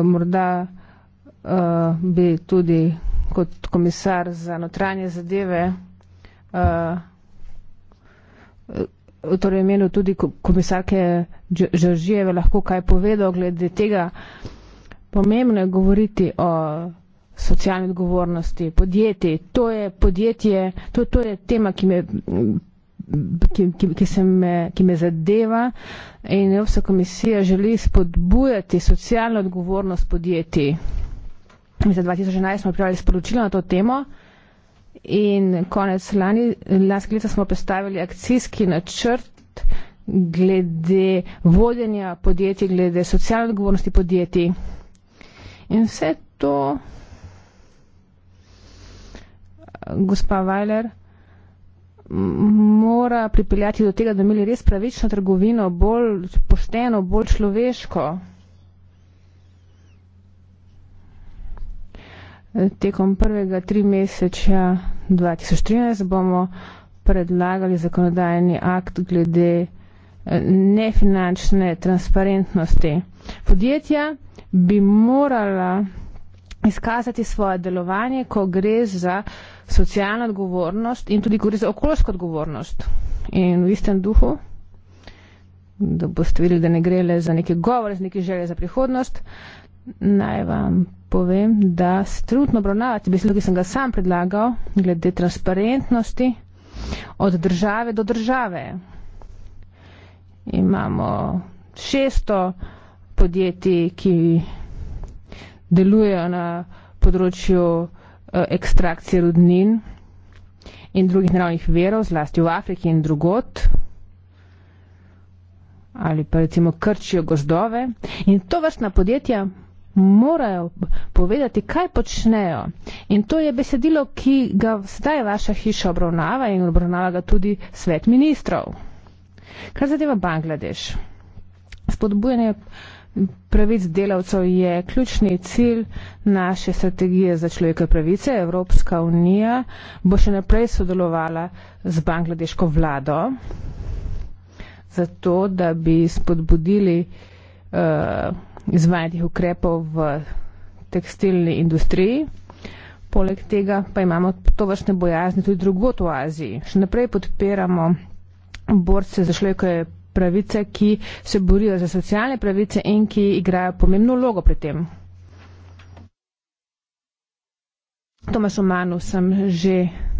morda eh, bi tudi kot komisar za notranje zadeve eh, torej imenu tudi komisarke Žržijeve lahko kaj povedal glede tega. Pomembno je govoriti o socialni odgovornosti, podjetji. To je podjetje, to, to je tema, ki me. Ki, ki, ki, me, ki me zadeva in Evropska komisija želi spodbujati socialno odgovornost podjetij. Za 2011 smo pripravili sporočilo na to temo. In konec lani, lanskega leta smo predstavili akcijski načrt glede vodenja podjetij, glede socialne odgovornosti podjetij. In vse to, gospa Weiler, mora pripeljati do tega, da imeli res pravično trgovino, bolj pošteno, bolj človeško. tekom prvega tri meseča 2013 bomo predlagali zakonodajni akt glede eh, nefinančne transparentnosti. Podjetja bi morala izkazati svoje delovanje, ko gre za socialno odgovornost in tudi ko gre za okoljsko odgovornost. In v istem duhu, da boste videli, da ne gre le za neke govore, za neke želje za prihodnost, naj vam povem, da se trudno obravnavati besedo, ki sem ga sam predlagal, glede transparentnosti od države do države. Imamo 600 podjetij, ki delujejo na področju eh, ekstrakcije rudnin in drugih naravnih verov, zlasti v Afriki in drugot ali pa recimo krčijo gozdove. In to vrstna podjetja morajo povedati, kaj počnejo. In to je besedilo, ki ga zdaj vaša hiša obravnava in obravnava ga tudi svet ministrov. Kar zadeva Bangladeš. Spodbujanje pravic delavcev je ključni cilj naše strategije za človeka pravice. Evropska unija bo še naprej sodelovala z bangladeško vlado zato, da bi spodbudili uh, izvajanih ukrepov v tekstilni industriji. Poleg tega pa imamo to vrstne bojazni tudi drugot v Aziji. Še naprej podpiramo borce za človekove pravice, ki se borijo za socialne pravice in ki igrajo pomembno vlogo pri tem. Tomas Omanu sem že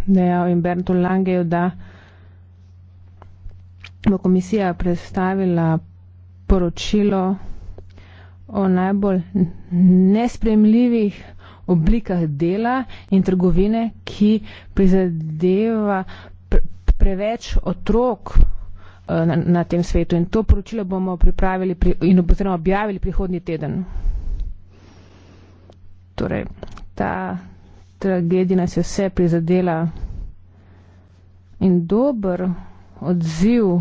dejal in Bernto Langeju, da bo komisija predstavila poročilo o najbolj nespremljivih oblikah dela in trgovine, ki prizadeva pre, preveč otrok eh, na, na tem svetu. In to poročilo bomo pripravili pri, in oziroma objavili prihodnji teden. Torej, ta tragedija nas je vse prizadela in dober odziv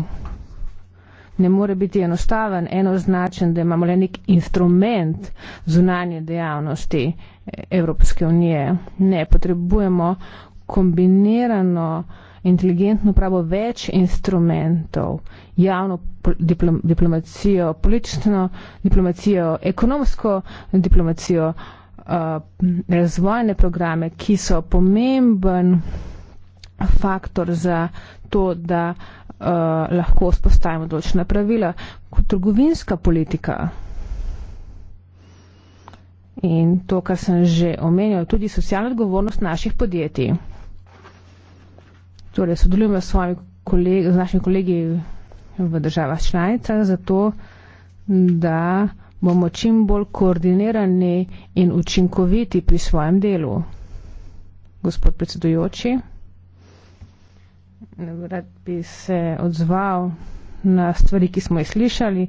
ne more biti enostaven, enoznačen, da imamo le nek instrument zunanje dejavnosti eh, Evropske unije. Ne, potrebujemo kombinirano inteligentno pravo več instrumentov, javno diplom, diplomacijo, politično diplomacijo, ekonomsko diplomacijo, uh, razvojne programe, ki so pomemben faktor za to, da Eh, lahko spostavimo določena pravila, kot trgovinska politika. In to, kar sem že omenil, tudi socialna odgovornost naših podjetij. Torej, sodelujemo s, kolegi, z našimi kolegi v državah članicah, zato da bomo čim bolj koordinirani in učinkoviti pri svojem delu. Gospod predsedujoči rad bi se odzval na stvari, ki smo jih slišali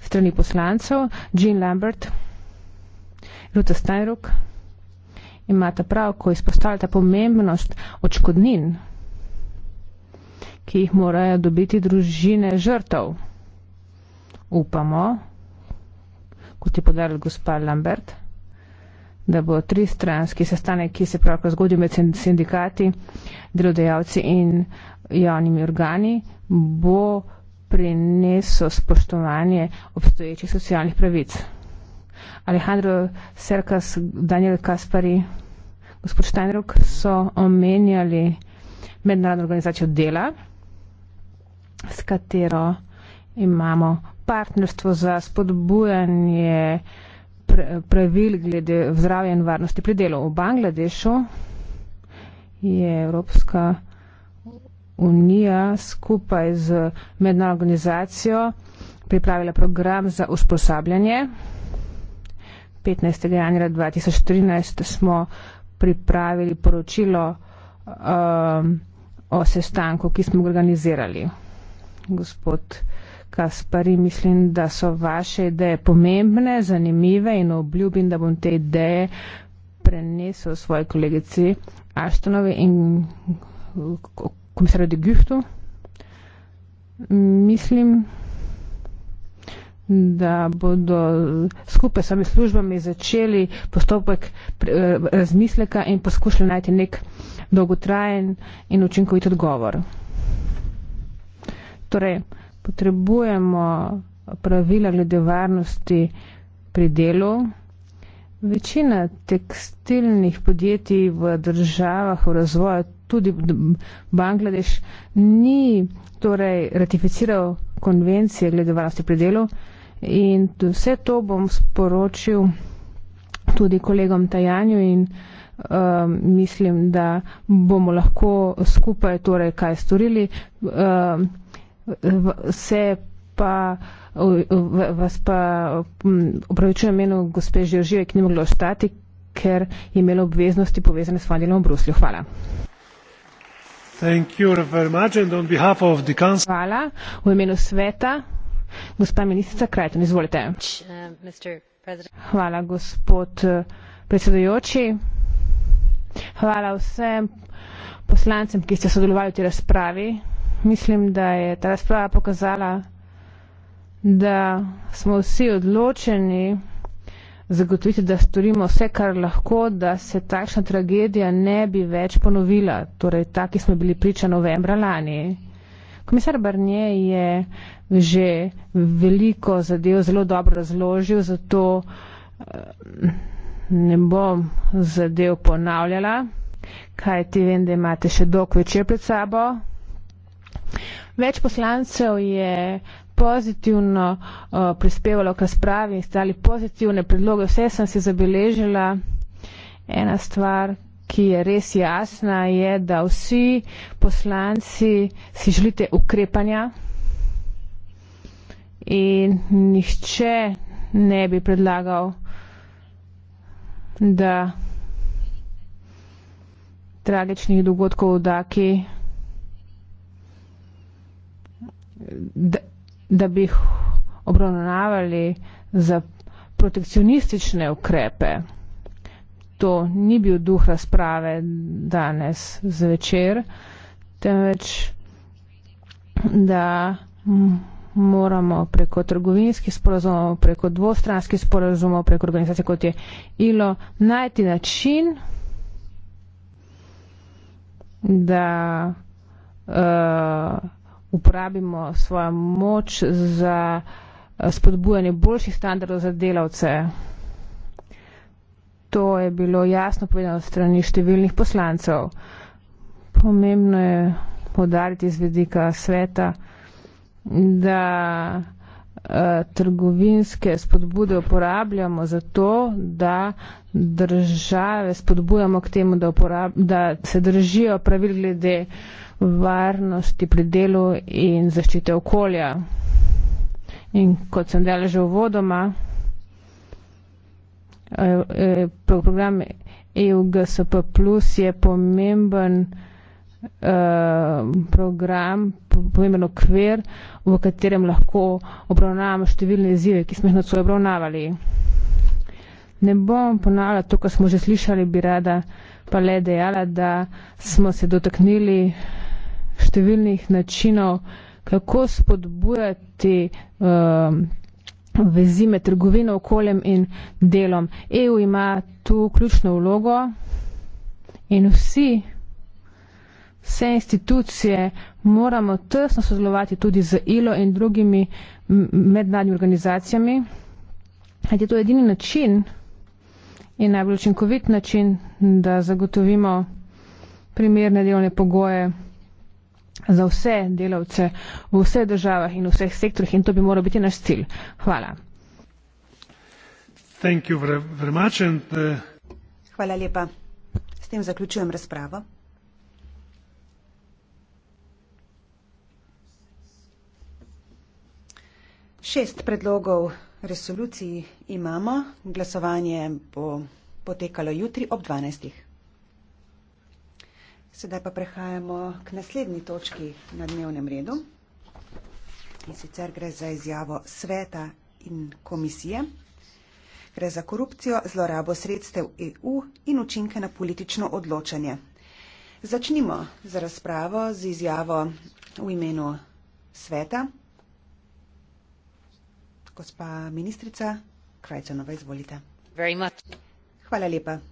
strani poslancev. Jean Lambert, Luta Steinruck imata prav, ko izpostavljata pomembnost očkodnin, ki jih morajo dobiti družine žrtov. Upamo, kot je podaril gospa Lambert, da bo tristranski sestanek, ki se pravko zgodi med sindikati, delodajalci in uh, javnimi organi, bo prineslo spoštovanje obstoječih socialnih pravic. Alejandro Serkas, Daniel Kaspari, gospod Štajnrok so omenjali mednarodno organizacijo dela, s katero imamo partnerstvo za spodbujanje pravil glede zdravja in varnosti pri delu. V Bangladešu je Evropska unija skupaj z mednarodno organizacijo pripravila program za usposabljanje. 15. januarja 2013 smo pripravili poročilo um, o sestanku, ki smo ga organizirali. Gospod Kaspari, mislim, da so vaše ideje pomembne, zanimive in obljubim, da bom te ideje prenesel svoji kolegici Aštonovi in komisarju de Guhtu. Mislim, da bodo skupaj s svojimi službami začeli postopek eh, razmisleka in poskušali najti nek dolgotrajen in učinkovit odgovor. Torej, potrebujemo pravila glede varnosti pri delu. Večina tekstilnih podjetij v državah v razvoju, tudi Bangladeš, ni torej ratificiral konvencije glede varnosti pri delu in vse to bom sporočil tudi kolegom Tajanju in uh, mislim, da bomo lahko skupaj torej kaj storili. Uh, se pa, vas pa upravičujem imenu gospe Žiržive, ki ni mogla ostati, ker je imela obveznosti povezane s vanjelom v Bruslju. Hvala. Hvala. V imenu sveta, gospa ministrica Krajton, izvolite. Hvala, gospod predsedujoči. Hvala vsem poslancem, ki ste sodelovali v tej razpravi. Mislim, da je ta razprava pokazala, da smo vsi odločeni zagotoviti, da storimo vse, kar lahko, da se takšna tragedija ne bi več ponovila, torej ta, ki smo bili priča novembra lani. Komisar Barnje je že veliko zadev zelo dobro razložil, zato eh, ne bom zadev ponavljala, kaj ti vem, da imate še dok večer pred sabo. Več poslancev je pozitivno uh, prispevalo k razpravi in stali pozitivne predloge. Vse sem si zabeležila. Ena stvar, ki je res jasna, je, da vsi poslanci si želite ukrepanja in nihče ne bi predlagal, da tragičnih dogodkov v Daki. Da, da bi jih obravnavali za protekcionistične ukrepe. To ni bil duh razprave danes zvečer, temveč, da moramo preko trgovinskih sporazumov, preko dvostranskih sporazumov, preko organizacije kot je ILO, najti način, da uh, uporabimo svojo moč za eh, spodbujanje boljših standardov za delavce. To je bilo jasno povedano strani številnih poslancev. Pomembno je podariti iz vedika sveta, da eh, trgovinske spodbude uporabljamo zato, da države spodbujamo k temu, da, uporab, da se držijo pravil glede uh, varnosti pri delu in zaščite okolja. In kot sem dala že v vodoma, eh, eh, program EUGSP plus je pomemben eh, program, pomemben okvir, v katerem lahko obravnavamo številne izzive, ki smo jih nocoj obravnavali. Ne bom ponavljala to, kar smo že slišali, bi rada pa le dejala, da smo se dotaknili številnih načinov, kako spodbujati um, vezi med trgovino, okoljem in delom. EU ima tu ključno vlogo in vsi, vse institucije moramo tesno sodelovati tudi z ILO in drugimi mednarodnimi organizacijami. Kajti to je edini način in najbolj učinkovit način, da zagotovimo primerne delovne pogoje za vse delavce v vseh državah in vseh sektorjih in to bi moral biti naš cilj. Hvala. Uh, Hvala lepa. S tem zaključujem razpravo. Šest predlogov resolucij imamo. Glasovanje bo potekalo jutri ob dvanajstih. Sedaj pa prehajamo k naslednji točki na dnevnem redu. In sicer gre za izjavo sveta in komisije. Gre za korupcijo, zlorabo sredstev EU in učinke na politično odločanje. Začnimo z razpravo z izjavo v imenu sveta. Gospa ministrica Krajcanova, izvolite. Hvala lepa.